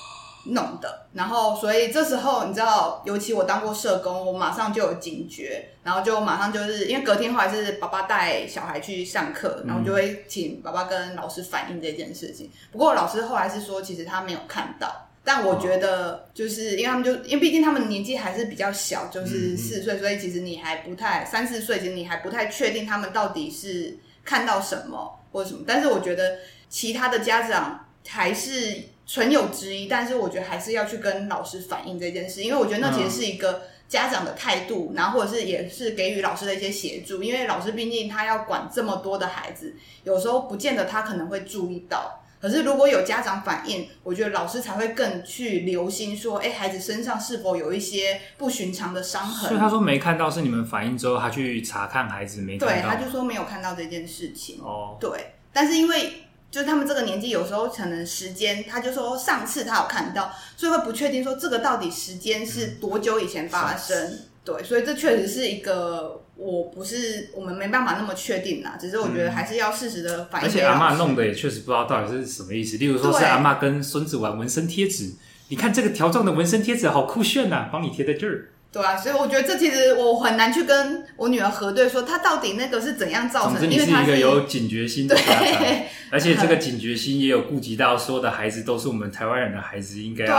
弄的，然後所以這時候你知道，尤其我當過社工，我馬上就有警覺，然後就馬上就是因為隔天後來是爸爸帶小孩去上課，然後就會請爸爸跟老師反映這件事情。不過我老師後來是說，其實他沒有看到，但我覺得就是因為他們就因為畢竟他們年紀還是比較小，就是四歲，所以其實你還不太三四歲，其實你還不太確定他們到底是看到什麼或者什麼。但是我覺得其他的家長還是，存有質疑，但是我覺得還是要去跟老師反映這件事，因為我覺得那其實是一個家長的態度，嗯、然後或者是也是給予老師的一些協助，因為老師畢竟他要管這麼多的孩子，有時候不見得他可能會注意到。可是如果有家長反映，我覺得老師才會更去留心說，哎，孩子身上是否有一些不尋常的傷痕？所以他說沒看到，是你們反映之後，他去查看孩子沒看到？對，他就說沒有看到這件事情。哦，對，但是因為。就是他們這個年紀，有時候可能時間，他就說上次他有看到，所以會不確定說這個到底時間是多久以前發生。嗯、對，所以這確實是一個我不是我們沒辦法那麼確定啦。只是我覺得還是要事實的反應、嗯。而且阿嬤弄的也確實不知道到底是什麼意思，例如說是阿嬤跟孫子玩紋身貼紙，對你看這個條狀的紋身貼紙好酷炫吶、啊，幫你貼在這兒。對啊，所以我覺得這其實我很難去跟我女兒核對，說她到底那個是怎樣造成。總之，你是一個有警覺心的家長，對 而且這個警覺心也有顧及到說的孩子都是我們台灣人的孩子，應該要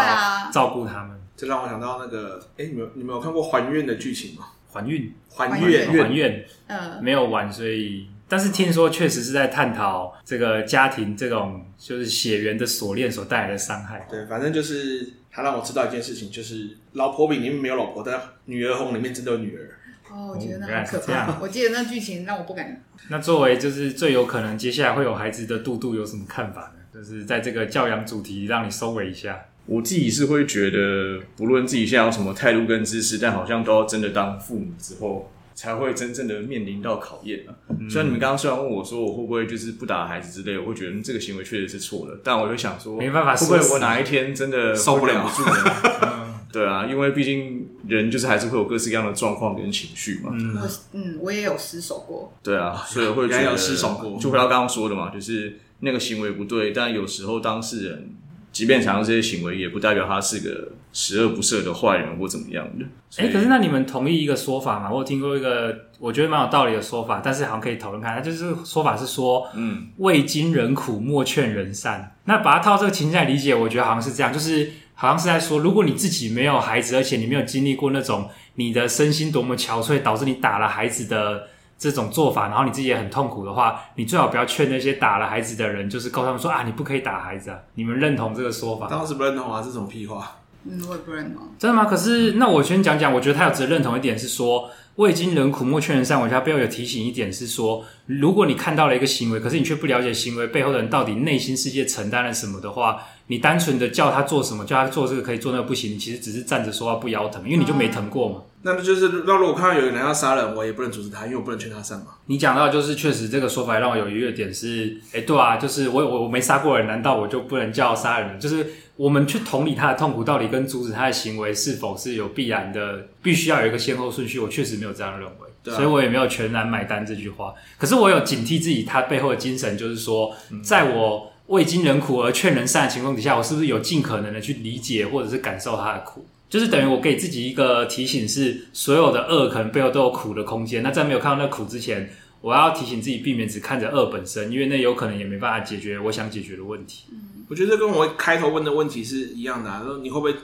照顧他們。啊、這讓我想到那個，哎、欸，你有你們有看過《還願》的劇情嗎？《還願》《還願》《還願》嗯，沒有玩。所以但是聽說確實是在探討這個家庭這種就是血緣的鎖鏈所帶來的傷害。對，反正就是。他讓我知道一件事情，就是老婆餅裡面沒有老婆，但女兒紅裡面真的有女兒。哦，我覺得那很可怕。 我記得那劇情讓我不敢。那作為就是最有可能接下來會有孩子的度度有什麼看法呢？就是在這個教養主題讓你收尾一下。我自己是會覺得，不論自己現在有什麼態度跟知識，但好像都要真的當父母之後才會真正的面臨到考驗啊！所以你們剛剛雖然問我說我會不會就是不打孩子之類，我會覺得這個行為確實是錯的。但我就想說沒辦法，會不會我哪一天真的了受不了？ 對啊，因為畢竟人就是還是會有各式各樣的狀況跟情緒嘛。嗯我也有失手過，對啊，所以會覺得、嗯、我有失手過，就回到剛剛說的嘛，就是那個行為不對，但有時候當事人。即便常常這些行為，也不代表他是個十惡不赦的壞人或怎麼樣的。哎、欸，可是那你們同意一個說法嗎？我有聽過一個我覺得蠻有道理的說法，但是好像可以討論看。就是說法是說，嗯，未經人苦莫勸人善。那把它套這個情境來理解，我覺得好像是這樣，就是好像是在說，如果你自己沒有孩子，而且你沒有經歷過那種你的身心多麼憔悴，導致你打了孩子的。這種做法，然後你自己也很痛苦的話，你最好不要勸那些打了孩子的人，就是告訴他們說啊，你不可以打孩子啊，你們認同這個說法？當時不認同啊，這種屁話。嗯、真的嗎？可是，那我先講講，我覺得他有值得認同一點是說，未經人苦莫勸人善。我不要有提醒一點是說，如果你看到了一個行為，可是你卻不了解行為背後的人到底內心世界承擔了什麼的話，你單純的叫他做什麼，叫他做這個可以，做那個不行，你其實只是站着說話不腰疼，因為你就沒疼過嘛。嗯、那不就是，那如果看到有人要殺人，我也不能阻止他，因為我不能勸他善嘛。你講到就是確實這個說法讓我有疑點是，誒、欸、對啊，就是我我我沒殺過人，難道我就不能叫殺人？就是。我們去同理他的痛苦，到底跟阻止他的行為是否是有必然的？必須要有一個先後順序，我確實沒有這樣認為，所以我也沒有全然買單這句話。可是我有警惕自己，他背後的精神就是說，在我未經人苦而勸人善的情況底下，我是不是有盡可能的去理解或者是感受他的苦？就是等於我給自己一個提醒：是所有的惡可能背後都有苦的空間。那在沒有看到那苦之前，我要提醒自己避免只看着惡本身，因為那有可能也沒辦法解決我想解決的問題。嗯我覺得這跟我開頭問的問題是一樣的啊，說你會不會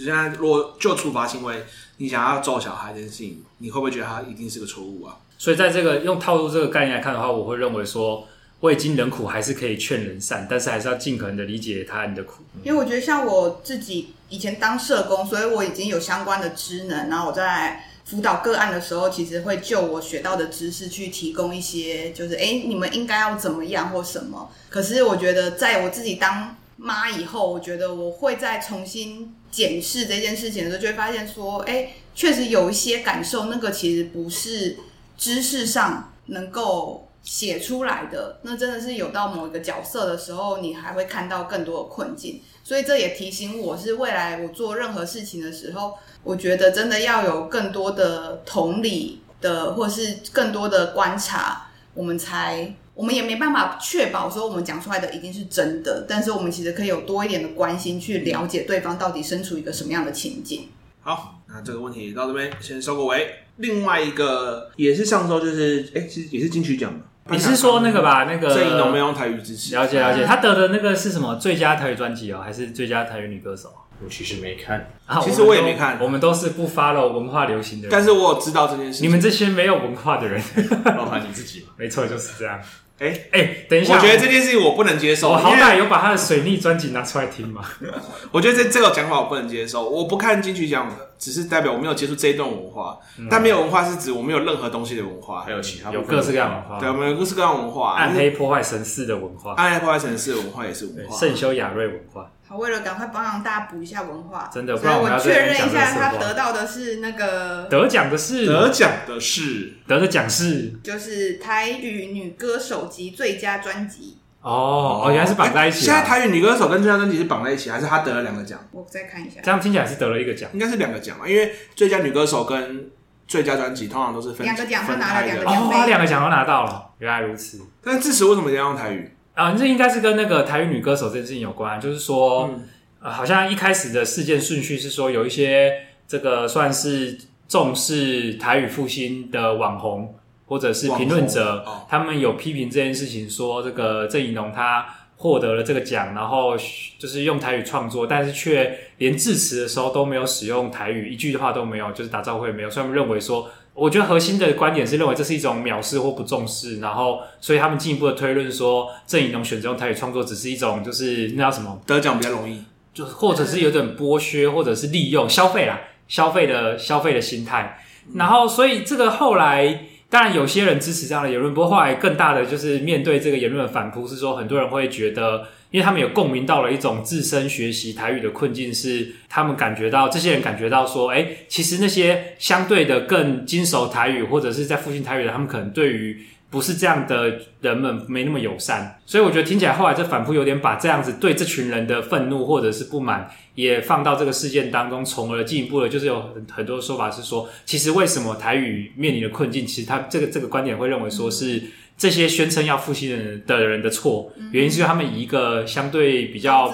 現在如果就處罰行為，你想要揍小孩這件事情，你會不會覺得他一定是個錯誤啊？所以在這個用套路這個概念來看的話，我會認為說，未經人苦，還是可以勸人善，但是還是要盡可能的理解他人的苦。因為我覺得像我自己以前當社工，所以我已經有相關的知能，然後我在，輔導個案的時候，其實會就我學到的知識去提供一些，就是誒、欸，你們應該要怎麼樣或什麼。可是我覺得，在我自己當媽以後，我覺得我會再重新檢視這件事情的時候，就會發現說，誒、欸，確實有一些感受，那個其實不是知識上能夠寫出來的。那真的是有到某一個角色的時候，你還會看到更多的困境。所以這也提醒我是，是未來我做任何事情的時候。我覺得真的要有更多的同理的，或是更多的觀察，我們才我們也沒辦法確保說我們講出來的一定是真的，但是我們其實可以有多一點的關心，去了解對方到底身處一個什麼樣的情境。好，那這個問題到這邊先收個尾。另外一個也是上周，就是哎，其實也是金曲獎嘛。你是說那個吧？嗯、那個鄭宜農沒有用台語支持？嗯、了解了解，他得的那個是什麼？最佳台語專輯哦，還是最佳台語女歌手？我其實沒看，其實我也沒看，我們都是不 follow 文化流行的。但是我知道這件事。你們這些沒有文化的人，包含你自己嗎？沒錯，就是這樣。哎哎，等一下，我覺得這件事情我不能接受。我好歹有把他的水逆專輯拿出來聽嘛。我覺得這這個講法我不能接受。我不看金曲獎，只是代表我沒有接觸這一段文化。但沒有文化是指我沒有任何東西的文化，還有其他有各式各樣文化，對，我們有各式各樣文化，暗黑破壞神四的文化，暗黑破壞神四的文化也是文化，聖修雅瑞文化。我為了趕快幫大家補一下文化，真的，不然要所以我確認一下，他得到的是那個得獎的是得獎的是得的獎是，就是台語女歌手及最佳專輯哦，哦，原來是綁在一起。現在台語女歌手跟最佳專輯是綁在一起，還是他得了兩個獎？我再看一下，這樣聽起來是得了一個獎，應該是兩個獎嘛、啊，因為最佳女歌手跟最佳專輯通常都是分兩個獎，他拿了兩個他兩個獎都拿到了，原來如此。但至此為什麼一定要用台語？啊、呃，這應該是跟那個台語女歌手這件事情有關，啊。就是說，嗯呃,好像一開始的事件順序是說，有一些這個算是重視台語復興的網紅或者是評論者，哦，他們有批評這件事情說，說這個鄭宜農他獲得了這個獎，然後就是用台語創作，但是卻連致辭的時候都沒有使用台語，一句話都沒有，就是打招呼也沒有，所以他們認為說，我覺得核心的觀點是認為這是一種藐視或不重視，然後所以他們進一步的推論說，鄭宜農選擇用台語創作只是一種就是那叫什麼得獎比較容易，就是或者是有點剝削或者是利用消費啦，消費的消費的心態，嗯、然後所以這個後來當然有些人支持這樣的言論，不過後來更大的就是面對這個言論的反撲是說很多人會覺得。因為他們有共鳴到了一種自身學習台語的困境，是他們感覺到這些人感覺到說，哎，其實那些相對的更精熟台語或者是在附近台語的，他們可能對於不是這樣的人們沒那麼友善。所以我覺得聽起來後來就反覆有點把這樣子對這群人的憤怒或者是不滿也放到這個事件當中，從而進一步了就是有很很多說法是說，其實為什麼台語面臨的困境，其實他這個這個觀點會認為說是。這些宣稱要復興的的人的錯，原因是因為他們以一個相對比較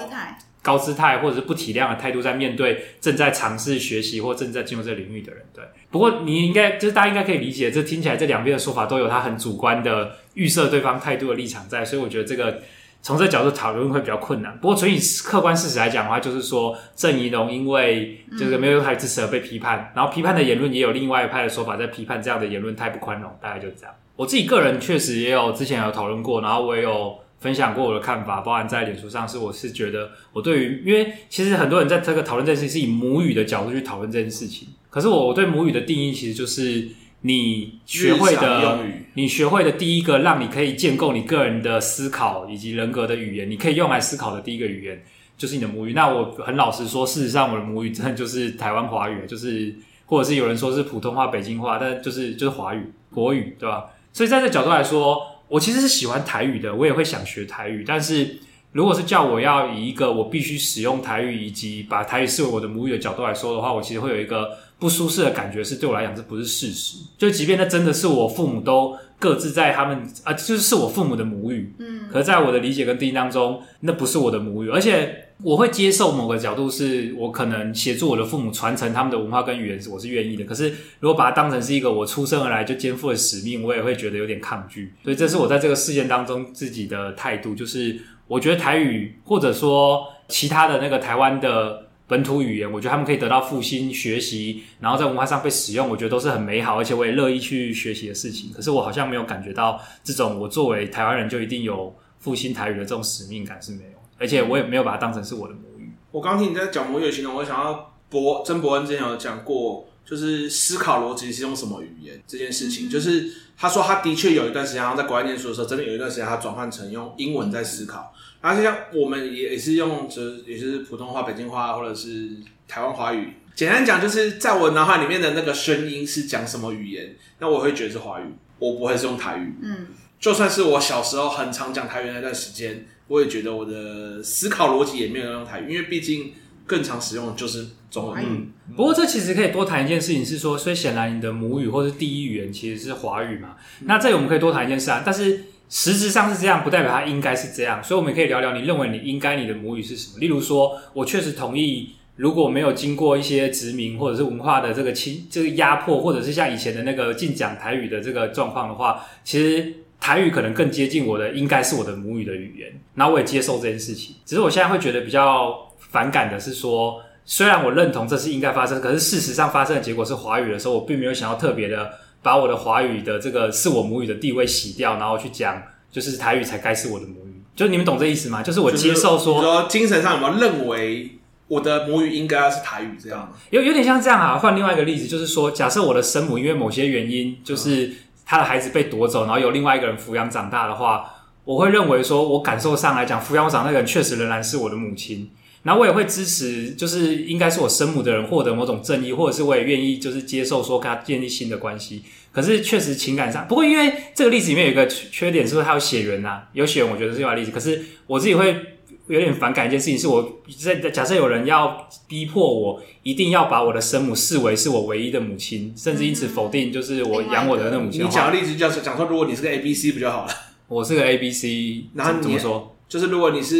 高姿態，或者是不體諒的態度，在面對正在嘗試學習或正在進入這個領域的人。對，不過你應該就是大家應該可以理解，這聽起來這兩邊的說法都有他很主觀的預設對方態度的立場在，所以我覺得這個從這個角度討論會比較困難。不過所以客觀事實來講的話，就是說鄭宜農因為就是沒有太支持而被批判，然後批判的言論也有另外一派的說法在批判這樣的言論太不寬容，大概就是這樣。我自己個人確實也有之前也有討論過，然後我也有分享過我的看法，包含在臉書上。是我是覺得我對於，因為其實很多人在這個討論這件事情是以母語的角度去討論這件事情。可是我對母語的定義其實就是你學會的，你學會的第一個讓你可以建構你個人的思考以及人格的語言，你可以用來思考的第一個語言就是你的母語。那我很老實說，事實上我的母語真的就是台灣華語，就是或者是有人說是普通話、北京話，但就是就是華語、國語，對吧？所以，在這角度來說，我其實是喜歡台語的，我也會想學台語。但是，如果是叫我要以一個我必須使用台語以及把台語視為我的母語的角度來說的話，我其實會有一個不舒適的感覺是，是對我來講這不是事實。就即便那真的是我父母都各自在他們啊，就是是我父母的母語，嗯，可是在我的理解跟定義當中，那不是我的母語，而且。我會接受某個角度是，我可能協助我的父母傳承他們的文化跟語言，我是願意的。可是如果把它當成是一個我出生而來就肩負的使命，我也會覺得有點抗拒。所以這是我在這個事件當中自己的態度，就是我覺得台語或者說其他的那個台灣的本土語言，我覺得他們可以得到復興、學習，然後在文化上被使用，我覺得都是很美好，而且我也樂意去學習的事情。可是我好像沒有感覺到這種我作為台灣人就一定有復興台語的這種使命感是沒有。而且我也沒有把它當成是我的母語。我剛聽你在講母語形容，我想要博曾博恩之前有講過，就是思考邏輯是用什麼語言這件事情。嗯、哼就是他說，他的確有一段時間在國外念書的時候，真的有一段時間他轉換成用英文在思考。而且、嗯、我們也也是用，就也就是普通話、北京話或者是台灣華語。簡單講，就是在我腦海裡面的那個聲音是講什麼語言，那我會覺得是華語，我不會是用台語。嗯，就算是我小時候很常講台語那段時間。我也覺得我的思考邏輯也沒有用台語，因為畢竟更常使用的就是中文。嗯、不過，這其實可以多談一件事情，是說，雖然顯然你的母語或是第一語言其實是華語嘛，嗯、那這裡我們可以多談一件事啊。但是，實質上是這樣，不代表它應該是這樣，所以我們也可以聊聊你認為你應該你的母語是什麼。例如說，我確實同意，如果沒有經過一些殖民或者是文化的這個侵、這個壓迫，或者是像以前的那個禁講台語的這個狀況的話，其實。台語可能更接近我的，應該是我的母語的語言，然後我也接受這件事情。只是我現在會覺得比較反感的是說，雖然我認同這是應該發生，可是事實上發生的結果是華語的時候，我並沒有想要特別的把我的華語的這個是我母語的地位洗掉，然後去講就是台語才該是我的母語。就你們懂這意思嗎？就是我接受說，你說精神上有沒有認為我的母語應該要是台語這樣？有有點像這樣啊。換另外一個例子，就是說，假設我的生母因為某些原因，就是。嗯他的孩子被奪走，然後由另外一個人撫養長大的話，我會認為說，我感受上來講，撫養長的那個人確實仍然是我的母親。然後我也會支持，就是應該是我生母的人獲得某種正義，或者是我也願意就是接受說跟他建立新的關係。可是確實情感上，不過因為這個例子裡面有一個缺缺點，是不是他有血緣吶、啊？有血緣，我覺得是這個例子。可是我自己會。有點反感一件事情，是我在假設有人要逼迫我，一定要把我的生母視為是我唯一的母親，甚至因此否定，就是我養我的那母親。 你講個例子，就是講說，講說如果你是個 A B C 不就好了？我是個 A B C，然後你怎麼說？就是如果你是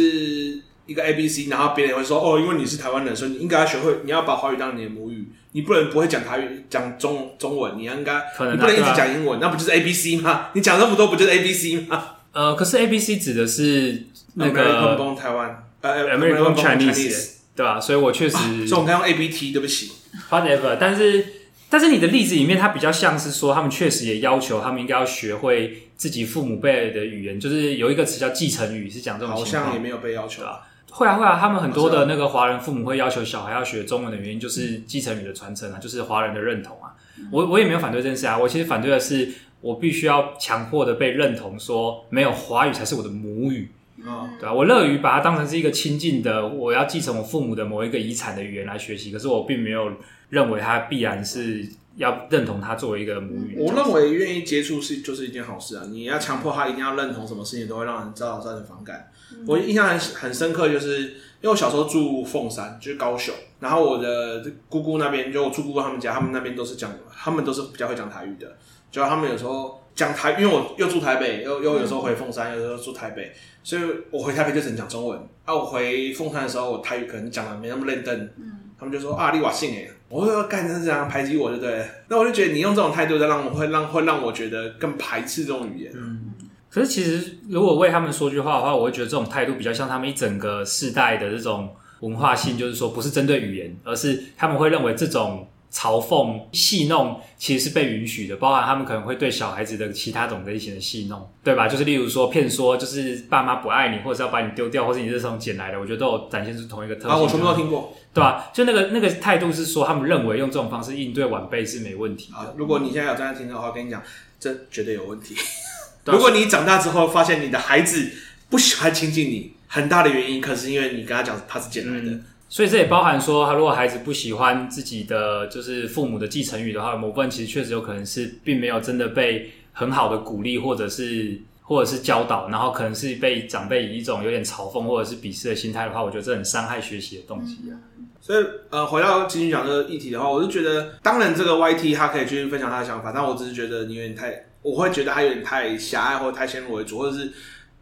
一個 A B C，然後別人會說，哦，因為你是台灣人，所以你應該要學會，你要把華語當你的母語，你不能不會講台語，講中中文，你應該，可能啊、你不能一直講英文，那不就是 A B C 嗎？你講那麼多，不就是 A B C 嗎？呃，可是 A B C 指的是那個 American 台灣、嗯、呃，American Chinese、欸嗯、對吧？所以我確實，總該、啊、用 A B T，對不起 forever 但是，但是你的例子裡面，它比較像是說，他們確實也要求他們應該要學會自己父母輩的語言，就是有一個詞叫繼承語，是講這種情況好像也沒有被要求啊，會啊會啊，他們很多的那個華人父母會要求小孩要學中文的原因，就是繼承語的傳承啊，嗯、就是華人的認同啊。我我也沒有反對這件事啊，我其實反對的是，我必須要強迫的被認同說，沒有華語才是我的母語，嗯、對啊，我樂於把它當成是一個親近的，我要繼承我父母的某一個遺產的語言來學習，可是我並沒有認為它必然是。要認同他作為一個母語、嗯，我認為願意接觸是就是一件好事啊！你要強迫他一定要認同什麼事情，都會讓人知道造成反感。嗯、我印象很很深刻，就是因為我小時候住鳳山，就是高雄，然後我的姑姑那邊就我住姑姑他們家，他們那邊都是講，他們都是比較會講台語的。就他們有時候講台，因為我又住台北，又又有時候回鳳山，嗯、有時候住台北，所以我回台北就只能講中文啊。我回鳳山的時候，我台語可能講得沒那麼認真。嗯、他們就說啊，你娃信誒我會說，幹成這樣排擠我，對不對？那我就覺得你用這種態度，在讓我會讓會讓我覺得更排斥這種語言。嗯，可是其實如果為他們說句話的話，我會覺得這種態度比較像他們一整個世代的這種文化性，嗯、就是說不是針對語言，而是他們會認為這種。嘲諷、戲弄其實是被允許的，包含他們可能會對小孩子的其他種類型的戲弄，對吧？就是例如說騙說，就是爸媽不愛你，或者是要把你丟掉，或者是你這種撿來的，我覺得都有展現出同一個特徵、啊。我全部都聽過，對吧？啊、就那個那個態度是說，他們認為用這種方式應對晚輩是沒問題啊。如果你現在有正在聽的話，我跟你講，這絕對有問題。 如果你長大之後發現你的孩子不喜歡親近你，很大的原因可是因為你跟他講他是撿來的。嗯所以這也包含說，他如果孩子不喜歡自己的就是父母的繼承語的話，某部分其實確實有可能是並沒有真的被很好的鼓勵，或者是或者是教導，然後可能是被長輩以一種有點嘲諷或者是鄙視的心態的話，我覺得這很傷害學習的動機啊。嗯。所以呃，回到繼續講這個議題的話，我就覺得，當然這個 YT 他可以去分享他的想法，但我只是覺得你有點太，我會覺得他有點太狹隘或者太先入為主，或者是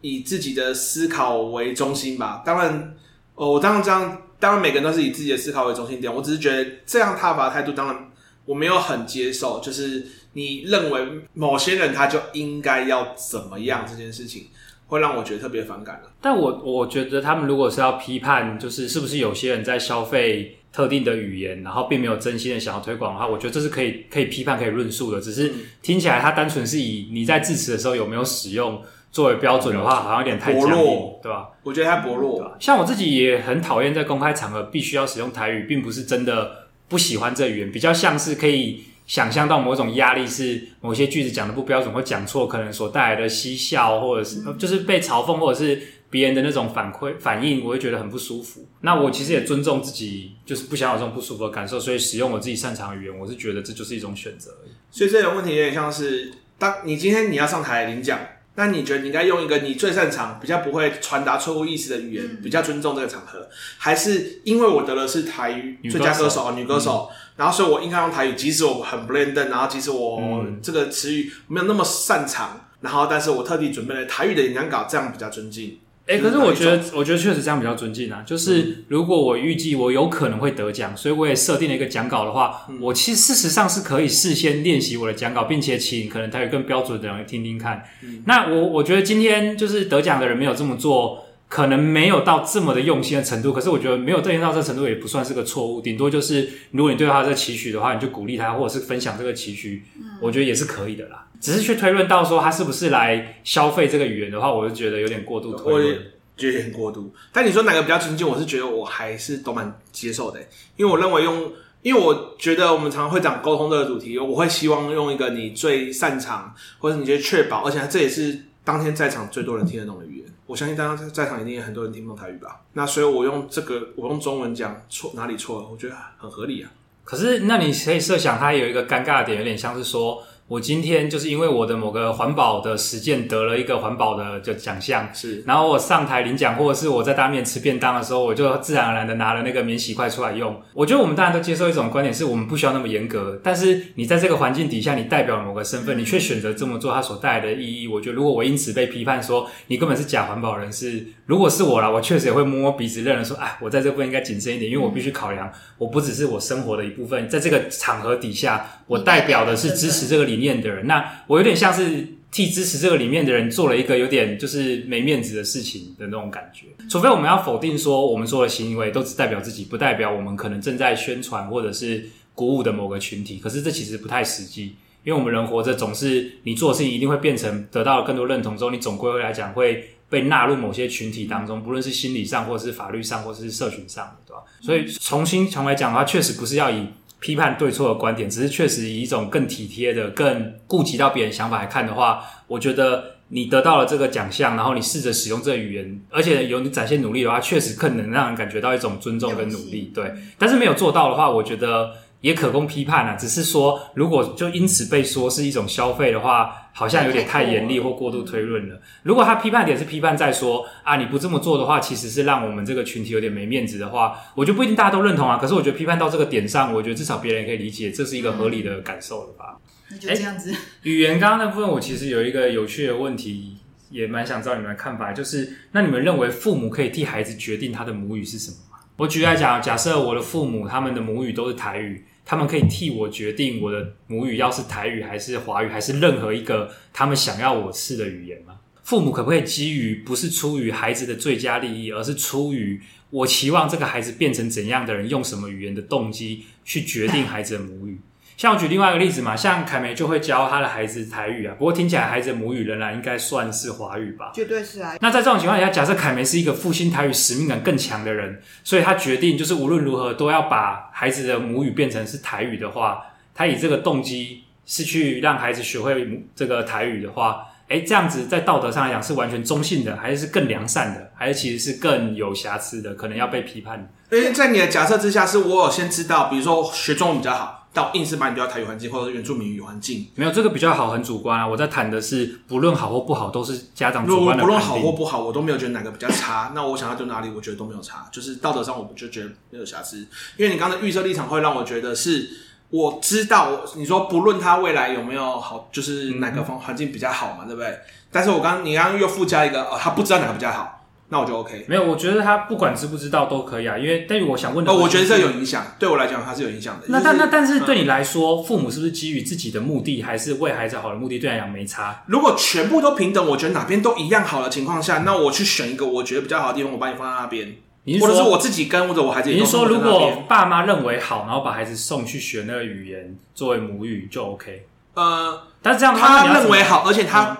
以自己的思考為中心吧。當然，呃，我當然這樣。當然，每個人都是以自己的思考為中心點。我只是覺得這樣撻伐的態度，當然我沒有很接受，就是你認為某些人他就應該要怎麼樣這件事情，會讓我覺得特別反感了。但我我覺得他們如果是要批判，就是是不是有些人在消費特定的語言，然後並沒有真心的想要推廣的話，我覺得這是可以可以批判可以論述的。只是聽起來他單純是以你在致詞的時候有沒有使用，作為標準的話，好像有點太強硬，對吧？我覺得太薄弱，嗯對吧。像我自己也很討厭在公開場合必須要使用台語，並不是真的不喜歡這語言，比較像是可以想象到某種壓力，是某些句子講得不標準或講錯，可能所帶來的嬉笑，或者是、嗯、就是被嘲諷，或者是別人的那種反饋反應，我會覺得很不舒服。那我其實也尊重自己，嗯、就是不想有這種不舒服的感受，所以使用我自己擅長的語言，我是覺得這就是一種選擇而已。所以這個問題有點像是，當你今天你要上台領獎。那你覺得你應該用一個你最擅長、比較不會傳達錯誤意思的語言，嗯、比較尊重這個場合，還是因為我得的是台語最佳歌手女歌手，歌手嗯、然後所以我應該用台語，即使我很不認 d 然後即使我這個詞語沒有那麼擅長，嗯、然後但是我特地準備了台語的演講稿，這樣比較尊敬。哎、欸，可是我覺得，我覺得確實這樣比較尊敬啊。就是如果我預計我有可能會得獎，嗯、所以我也設定了一個講稿的話，嗯、我其實事實上是可以事先練習我的講稿，並且請可能他有更標準的人聽聽看。嗯、那我我覺得今天就是得獎的人沒有這麼做，可能沒有到這麼的用心的程度。可是我覺得沒有做到這程度也不算是個錯誤，頂多就是如果你對他在期許的話，你就鼓勵他，或者是分享這個期許，我覺得也是可以的啦。嗯只是去推論到說他是不是來消費這個語言的話，我就覺得有點過度推論、嗯。我也覺得很過度。但你說哪個比較尊敬，我是覺得我還是都蠻接受的、欸，因為我認為用，因為我覺得我們常常會講溝通這個主題，我會希望用一個你最擅長，或者你覺得確保，而且這也是當天在場最多人聽得懂的語言。我相信當天在場一定有很多人聽不懂台語吧？那所以我用這個，我用中文講錯，哪裡錯了？我覺得很合理啊。可是那你可以設想，它有一個尷尬的點，有點像是說。我今天就是因為我的某個環保的實踐得了一個環保的就獎項，是。然後我上台領獎，或者是我在大面吃便當的時候，我就自然而然的拿了那個免洗筷出來用。我覺得我們大家都接受一種觀點，是我們不需要那麼嚴格。但是你在這個環境底下，你代表了某個身份，你卻選擇這麼做，它所帶來的意義，我覺得如果我因此被批判說你根本是假環保人士。如果是我啦，我確實也會摸摸鼻子，認了說：“哎，我在這部分應該謹慎一點，因為我必須考量，我不只是我生活的一部分，在這個場合底下，我代表的是支持這個理念的人。嗯、那我有點像是替支持這個理念的人做了一個有點就是沒面子的事情的那種感覺。嗯、除非我們要否定說，我們做的行為都只代表自己，不代表我們可能正在宣傳或者是鼓舞的某個群體。可是這其實不太實際，因為我們人活着總是，你做的事情一定會變成得到更多認同之後，你總歸來講會。被納入某些群體當中，不論是心理上，或是法律上，或者是社群上的，對吧？所以重新重來講的話，確實不是要以批判對錯的觀點，只是確實以一種更體貼的、更顧及到別人想法來看的話，我覺得你得到了這個獎項，然後你試着使用這個語言，而且有你展現努力的話，確實更能讓人感覺到一種尊重跟努力。對，但是沒有做到的話，我覺得。也可供批判啊，只是說如果就因此被說是一種消費的話，好像有點太嚴厲或過度推論了。嗯、如果他批判點是批判在說啊，你不這麼做的話，其實是讓我們這個群體有點沒面子的話，我就不一定大家都認同啊。可是我覺得批判到這個點上，我覺得至少別人也可以理解，這是一個合理的感受了吧？嗯、你就這樣子。誒，語言剛剛那部分，我其實有一個有趣的問題，也蠻想知道你們的看法，就是那你們認為父母可以替孩子決定他的母語是什麼？我舉例來講，假設我的父母他們的母語都是台語，他們可以替我決定我的母語要是台語還是華語還是任何一個他們想要我是的語言嗎？父母可不可以基於不是出於孩子的最佳利益，而是出於我期望這個孩子變成怎樣的人，用什麼語言的動機去決定孩子的母語？像我舉另外一個例子嘛，像凱梅就會教他的孩子台語啊，不過聽起來孩子的母語仍然應該算是華語吧，絕對是啊。那在這種情況下，假設凱梅是一個復興台語使命感更強的人，所以他決定就是無論如何都要把孩子的母語變成是台語的話，他以這個動機是去讓孩子學會這個台語的話，誒、欸，這樣子在道德上來講是完全中性的，還是更良善的，還是其實是更有瑕疵的，可能要被批判。誒、欸，在你的假設之下，是我有先知道，比如說學中文比較好。到硬是把你丟到台語環境，或者是原住民語環境，沒有這個比較好，很主觀啊。我在談的是，不論好或不好，都是家長主觀的決定。如果不論好或不好，我都沒有覺得哪個比較差。 那我想要丟哪裡，我覺得都沒有差，就是道德上，我們就覺得沒有瑕疵。因為你剛才預設立場，會讓我覺得是，我知道我你說不論他未來有沒有好，就是哪個方環境比較好嘛，嗯嗯對不對？但是我剛你剛又附加一個，哦，他不知道哪個比較好。那我就 OK，沒有，我覺得他不管知不知道都可以啊，因為但是我想問的問，哦、呃，我覺得這有影響，對我來講他是有影響的。那但、就是、那但是對你來說，嗯、父母是不是基於自己的目的，還是為孩子好的目的？對他來講沒差。如果全部都平等，我覺得哪邊都一樣好的情況下，那我去選一個我覺得比較好的地方，我把你放在那邊，說或者是我自己跟，或者我孩子也。你說如果爸媽認為好，然後把孩子送去學那個語言作為母語就 OK。呃，但是這樣他認為好，而且他。嗯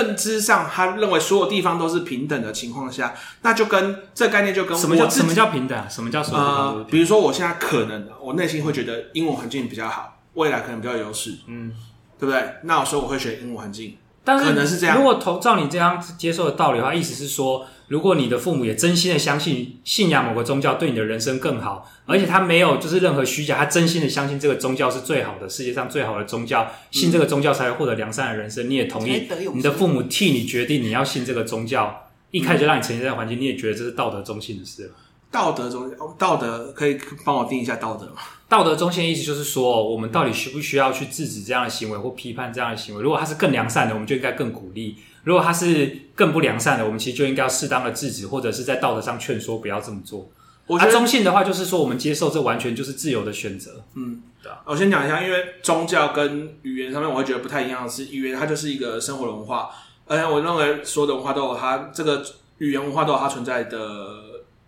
認知上，他認為所有地方都是平等的情況下，那就跟這概念就跟我什麼叫什麼叫平等？什麼叫平等？比如說我現在可能我內心會覺得英文環境比較好，未來可能比較有優勢，嗯，對不對？那我說我會學英文環境，但可能是這樣。如果投照你這樣接受的道理的話，意思是說。如果你的父母也真心的相信、信仰某個宗教，對你的人生更好，而且他沒有就是任何虛假，他真心的相信這個宗教是最好的，世界上最好的宗教，信這個宗教才會獲得良善的人生。你也同意，你的父母替你決定你要信這個宗教，一開始就讓你沉浸在這環境，你也覺得這是道德中性的事。道德中，道德，可以幫我定一下道德嗎？道德中性的意思就是說，我們到底需不需要去制止這樣的行為或批判這樣的行為？如果他是更良善的，我們就應該更鼓勵；如果他是。更不良善的，我們其實就應該要適當的制止，或者是在道德上勸說不要這麼做。我覺得、啊、中性的話，就是說我們接受這完全就是自由的選擇。嗯，對。我先講一下，因為宗教跟語言上面，我會覺得不太一樣的是，語言它就是一個生活文化，而且我認為所有的文化都有它這個語言文化都有它存在的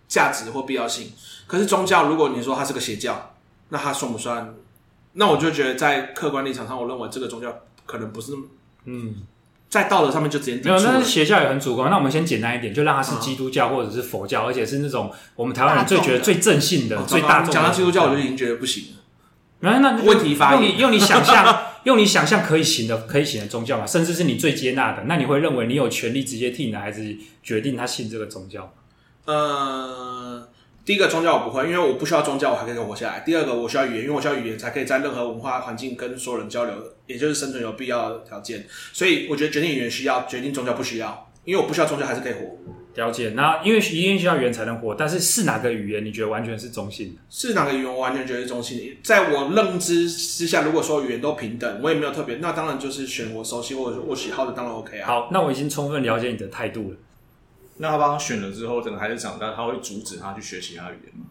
價值或必要性。可是宗教，如果你說它是個邪教，那它算不算？那我就覺得在客觀立場上，我認為這個宗教可能不是那麼……嗯。在到了上面就直接沒有，那學校也很主觀。嗯、那我們先簡單一點，就讓他是基督教或者是佛教，嗯、而且是那種我們台灣人最覺得最正信的、大的哦、最大眾大。講到基督教我就已經覺得不行了。啊、那問題，問題發，用你用你想象， 用你想象可以行的、可以行的宗教嘛？甚至是你最接納的，那你會認為你有權利直接替你孩子決定他信這個宗教？呃。第一個宗教我不會，因為我不需要宗教，我還可以活下來。第二個我需要語言，因為我需要語言才可以在任何文化環境跟所有人交流，也就是生存有必要的條件。所以我覺得決定語言需要，決定宗教不需要，因為我不需要宗教還是可以活。了解。那因為一定需要語言才能活，但是是哪個語言，你覺得完全是中性的？是哪個語言，我完全覺得是中性的。在我認知之下，如果說語言都平等，我也沒有特別。那當然就是選我熟悉或者我，我喜好的，當然 OK 啊。好，那我已經充分了解你的態度了。那他幫他選了之後，等孩子長大，他會阻止他去學其他語言嗎？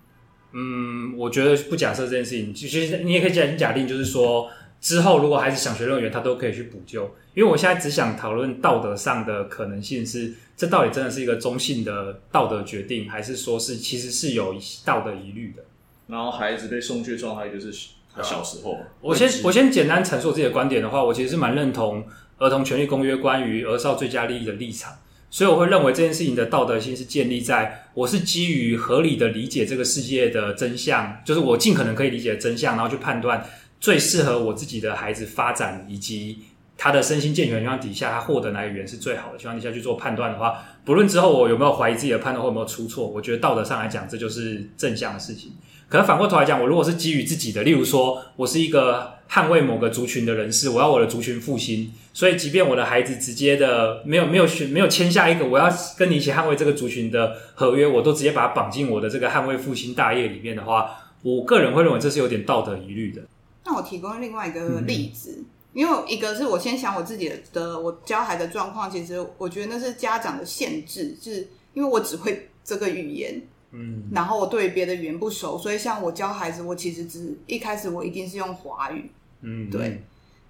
嗯，我覺得不假設這件事情，其實你也可以假假定，就是說之後如果孩子想學任何語言，他都可以去補救。因為我現在只想討論道德上的可能性是，這到底真的是一個中性的道德決定，還是說是其實是有道德疑慮的？嗯、然後孩子被送去的狀態就是他小時候，啊、我，我先我先簡單闡述自己的觀點的話，我其實是蠻認同《兒童權利公約》關於兒少最佳利益的立場。所以我會認為這件事情的道德性是建立在我是基於合理的理解這個世界的真相，就是我盡可能可以理解真相，然後去判斷最適合我自己的孩子發展以及他的身心健全的情況底下，他獲得哪語言是最好的。情況底下去做判斷的話，不論之後我有沒有懷疑自己的判斷或有沒有出錯，我覺得道德上來講，這就是正向的事情。可能反過頭來講，我如果是基於自己的，例如說我是一個。捍衛某個族群的人士，我要我的族群復興，所以即便我的孩子直接的沒有沒有選沒有簽下一個我要跟你一起捍衛這個族群的合約，我都直接把他綁進我的這個捍衛復興大業裡面的話，我個人會認為這是有點道德疑慮的。那我提供另外一個例子，嗯、因為一個是我先想我自己的，我教孩子的狀況，其實我覺得那是家長的限制，就是因為我只會這個語言。嗯，然後我對別的語言不熟，所以像我教孩子，我其實只一開始我一定是用華語。嗯，對，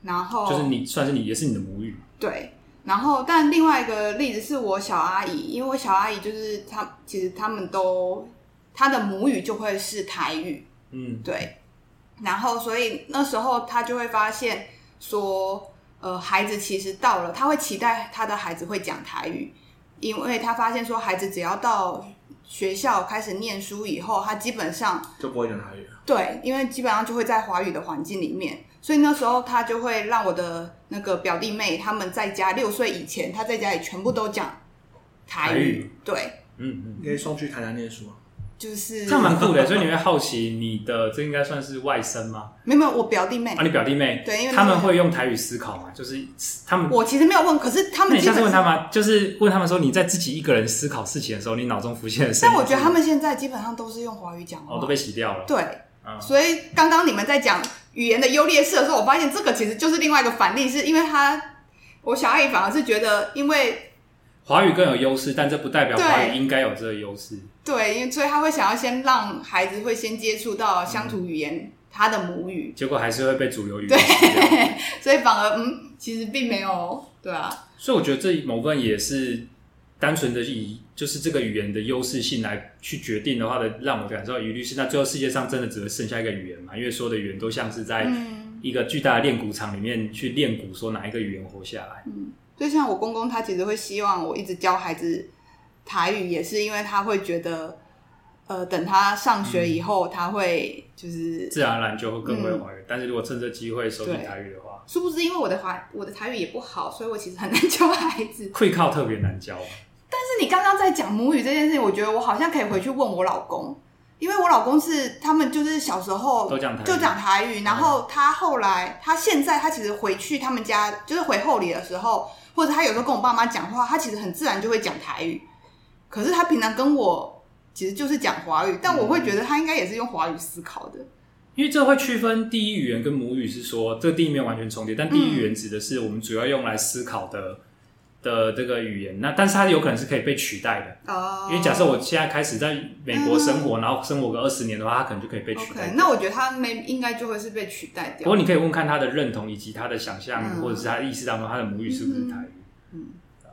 然後就是你算是你也是你的母語。對，然後但另外一個例子是我小阿姨，因為我小阿姨就是她，其實他們都她的母語就會是台語。嗯，對，然後所以那時候她就會發現說，呃，孩子其實到了，他會期待他的孩子會講台語，因為他發現說孩子只要到。學校開始念書以後，他基本上就不會講台語了。對，因為基本上就會在華語的環境裡面，所以那時候他就會讓我的那個表弟妹他們在家、嗯、六歲以前，他在家裡全部都講台語。台語。對，嗯嗯，嗯，可以送去台南念書嗎？就是這樣蠻酷的， 所以你會好奇你的這應該算是外甥嗎？沒有，我表弟妹。啊，你表弟妹，對，因為他們會用台語思考嘛？就是他們，我其實沒有問，可是他們是。你下次問他們，就是問他們說，你在自己一個人思考事情的時候，你腦中浮現的是。但我覺得他們現在基本上都是用華語講話，哦，都被洗掉了。對，嗯，所以剛剛你們在講語言的優劣勢的時候，我發現這個其實就是另外一個反例，是因為他，我小阿姨反而是覺得，因為華語更有優勢，但這不代表華語應該有這個優勢。對，因為所以他會想要先讓孩子會先接觸到鄉土語言，嗯、他的母語，結果還是會被主流語言，對 所以反而嗯，其實並沒有，嗯、對啊。所以我覺得這某部分也是單純的以就是這個語言的優勢性來去決定的話的，讓我感受到於律師，那最後世界上真的只會剩下一個語言嘛？因為所有的語言都像是在一個巨大的煉蠱場裡面去煉蠱，說哪一個語言活下來？嗯，就像我公公，他其實會希望我一直教孩子。台語也是，因為他會覺得，呃，等他上學以後，嗯、他會就是自然而然就會更會華語。嗯、但是如果趁這機會熟悉台語的話，殊不知因為我的華我的台語也不好，所以我其實很難教孩子。會靠特別難教、啊，但是你剛剛在講母語這件事情，我覺得我好像可以回去問我老公，嗯、因為我老公是他們就是小時候都講台就講台語，台語嗯、然後他後來他現在他其實回去他們家就是回后里的時候，或者他有時候跟我爸媽講話，他其實很自然就會講台語。可是他平常跟我其實就是講華語，但我會覺得他應該也是用華語思考的，嗯、因為這會區分第一語言跟母語是說，這個、第一沒有完全重疊，但第一語言指的是我們主要用來思考的、嗯、的這個語言。那但是他有可能是可以被取代的哦，因為假設我現在開始在美國生活，嗯、然後生活個二十年的話，他可能就可以被取代。Okay, 那我覺得他沒應該就會是被取代掉的。不過你可以問看他的認同以及他的想象，嗯、或者是他意識當中他的母語是不是台語，嗯。嗯嗯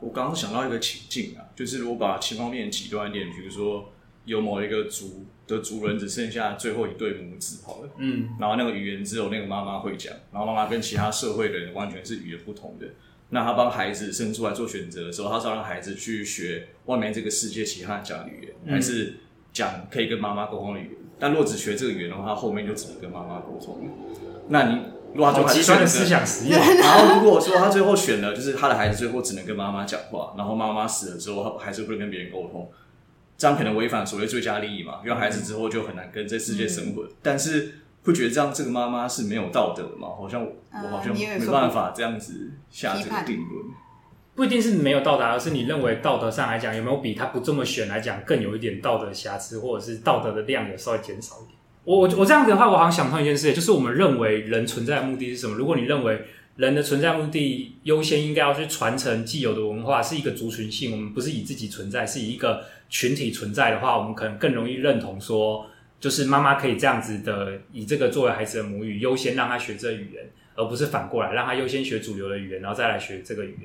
我剛剛想到一個情境啊，就是如果把情況變極端一點，比如說有某一個族的族人只剩下最後一對母子好了，嗯，然後那個語言只有那個媽媽會講，然後媽媽跟其他社會的人完全是語言不同的。那他幫孩子生出來做選擇的時候，他是要讓孩子去學外面這個世界其他講的語言，嗯、還是講可以跟媽媽溝通的語言？但若只學這個語言的話，他後面就只能跟媽媽溝通。那你？哇哇，然後如果說他最後選了，就是他的孩子最後只能跟媽媽講話，然後媽媽死了之後，他還是會跟別人溝通，這樣可能違反所謂最佳利益嘛？因爲孩子之後就很難跟這世界生活，嗯、但是會覺得這樣這個媽媽是沒有道德的嘛？好像我好像沒辦法這樣子下這個定論，呃、不一定是沒有道德、啊，而是你認為道德上來講，有沒有比他不這麼選來講更有一點道德瑕疵，或者是道德的量有稍微減少一點？我我我這樣子的話，我好像想通一件事情，就是我們認為人存在的目的是什麼？如果你認為人的存在目的優先應該要去傳承既有的文化，是一個族群性，我們不是以自己存在，是以一個群體存在的話，我們可能更容易認同說，就是媽媽可以這樣子的以這個作為孩子的母語，優先讓他學這個語言，而不是反過來讓他優先學主流的語言，然後再來學這個語言，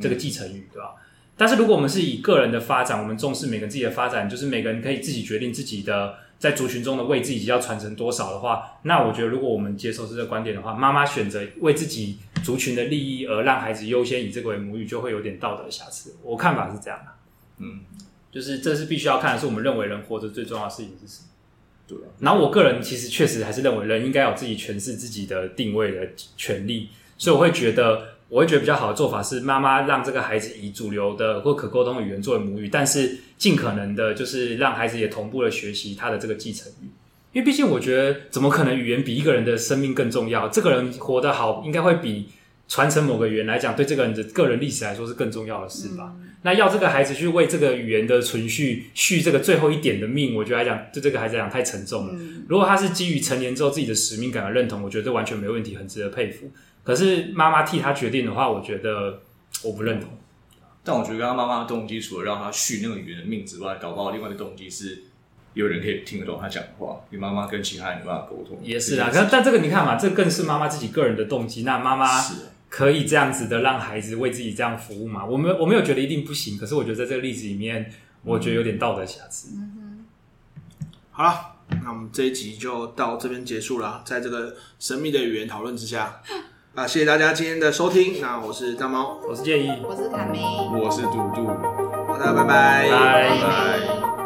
這個繼承語，嗯、對吧？但是如果我們是以個人的發展，我們重視每個人自己的發展，就是每個人可以自己決定自己的。在族群中的位置以及要傳承多少的話，那我覺得如果我們接受是這個觀點的話，媽媽選擇為自己族群的利益而讓孩子優先以這個為母語，就會有點道德的瑕疵。我看法是這樣的，嗯，就是這是必須要看的是我們認為人活着最重要的事情是什麼。對，然後我個人其實確實還是認為人應該有自己詮釋自己的定位的權利，所以我會覺得。我會覺得比較好的做法是，媽媽讓這個孩子以主流的或可溝通的語言作為母語，但是盡可能的，就是讓孩子也同步的學習他的這個繼承語。因為畢竟我覺得，怎麼可能語言比一個人的生命更重要？這個人活得好，應該會比傳承某個語言來講，對這個人的個人歷史來說是更重要的事吧？嗯、那要這個孩子去為這個語言的存續續這個最後一點的命，我覺得來講，對這個孩子來講太沉重了。嗯、如果他是基於成年之後自己的使命感而認同，我覺得完全沒問題，很值得佩服。可是媽媽替他決定的話，我覺得我不認同。但我覺得剛剛媽媽的動機，除了讓他續那個語言的命之外，搞不好另外的動機是有人可以聽得懂他講話，與媽媽跟其他人有辦法溝通。也是啊，但這個你看嘛，這更是媽媽自己個人的動機。那媽媽可以這樣子的讓孩子為自己這樣服務嘛？是我沒有，我沒有覺得一定不行。可是我覺得在這個例子裡面，我覺得有點道德瑕疵。嗯哼，好了，那我們這一集就到這邊結束了。在這個神秘的語言討論之下。 啊，謝謝大家今天的收聽。那我是大貓，我是建一，我是卡梅，我是嘟嘟。大家拜拜，拜拜。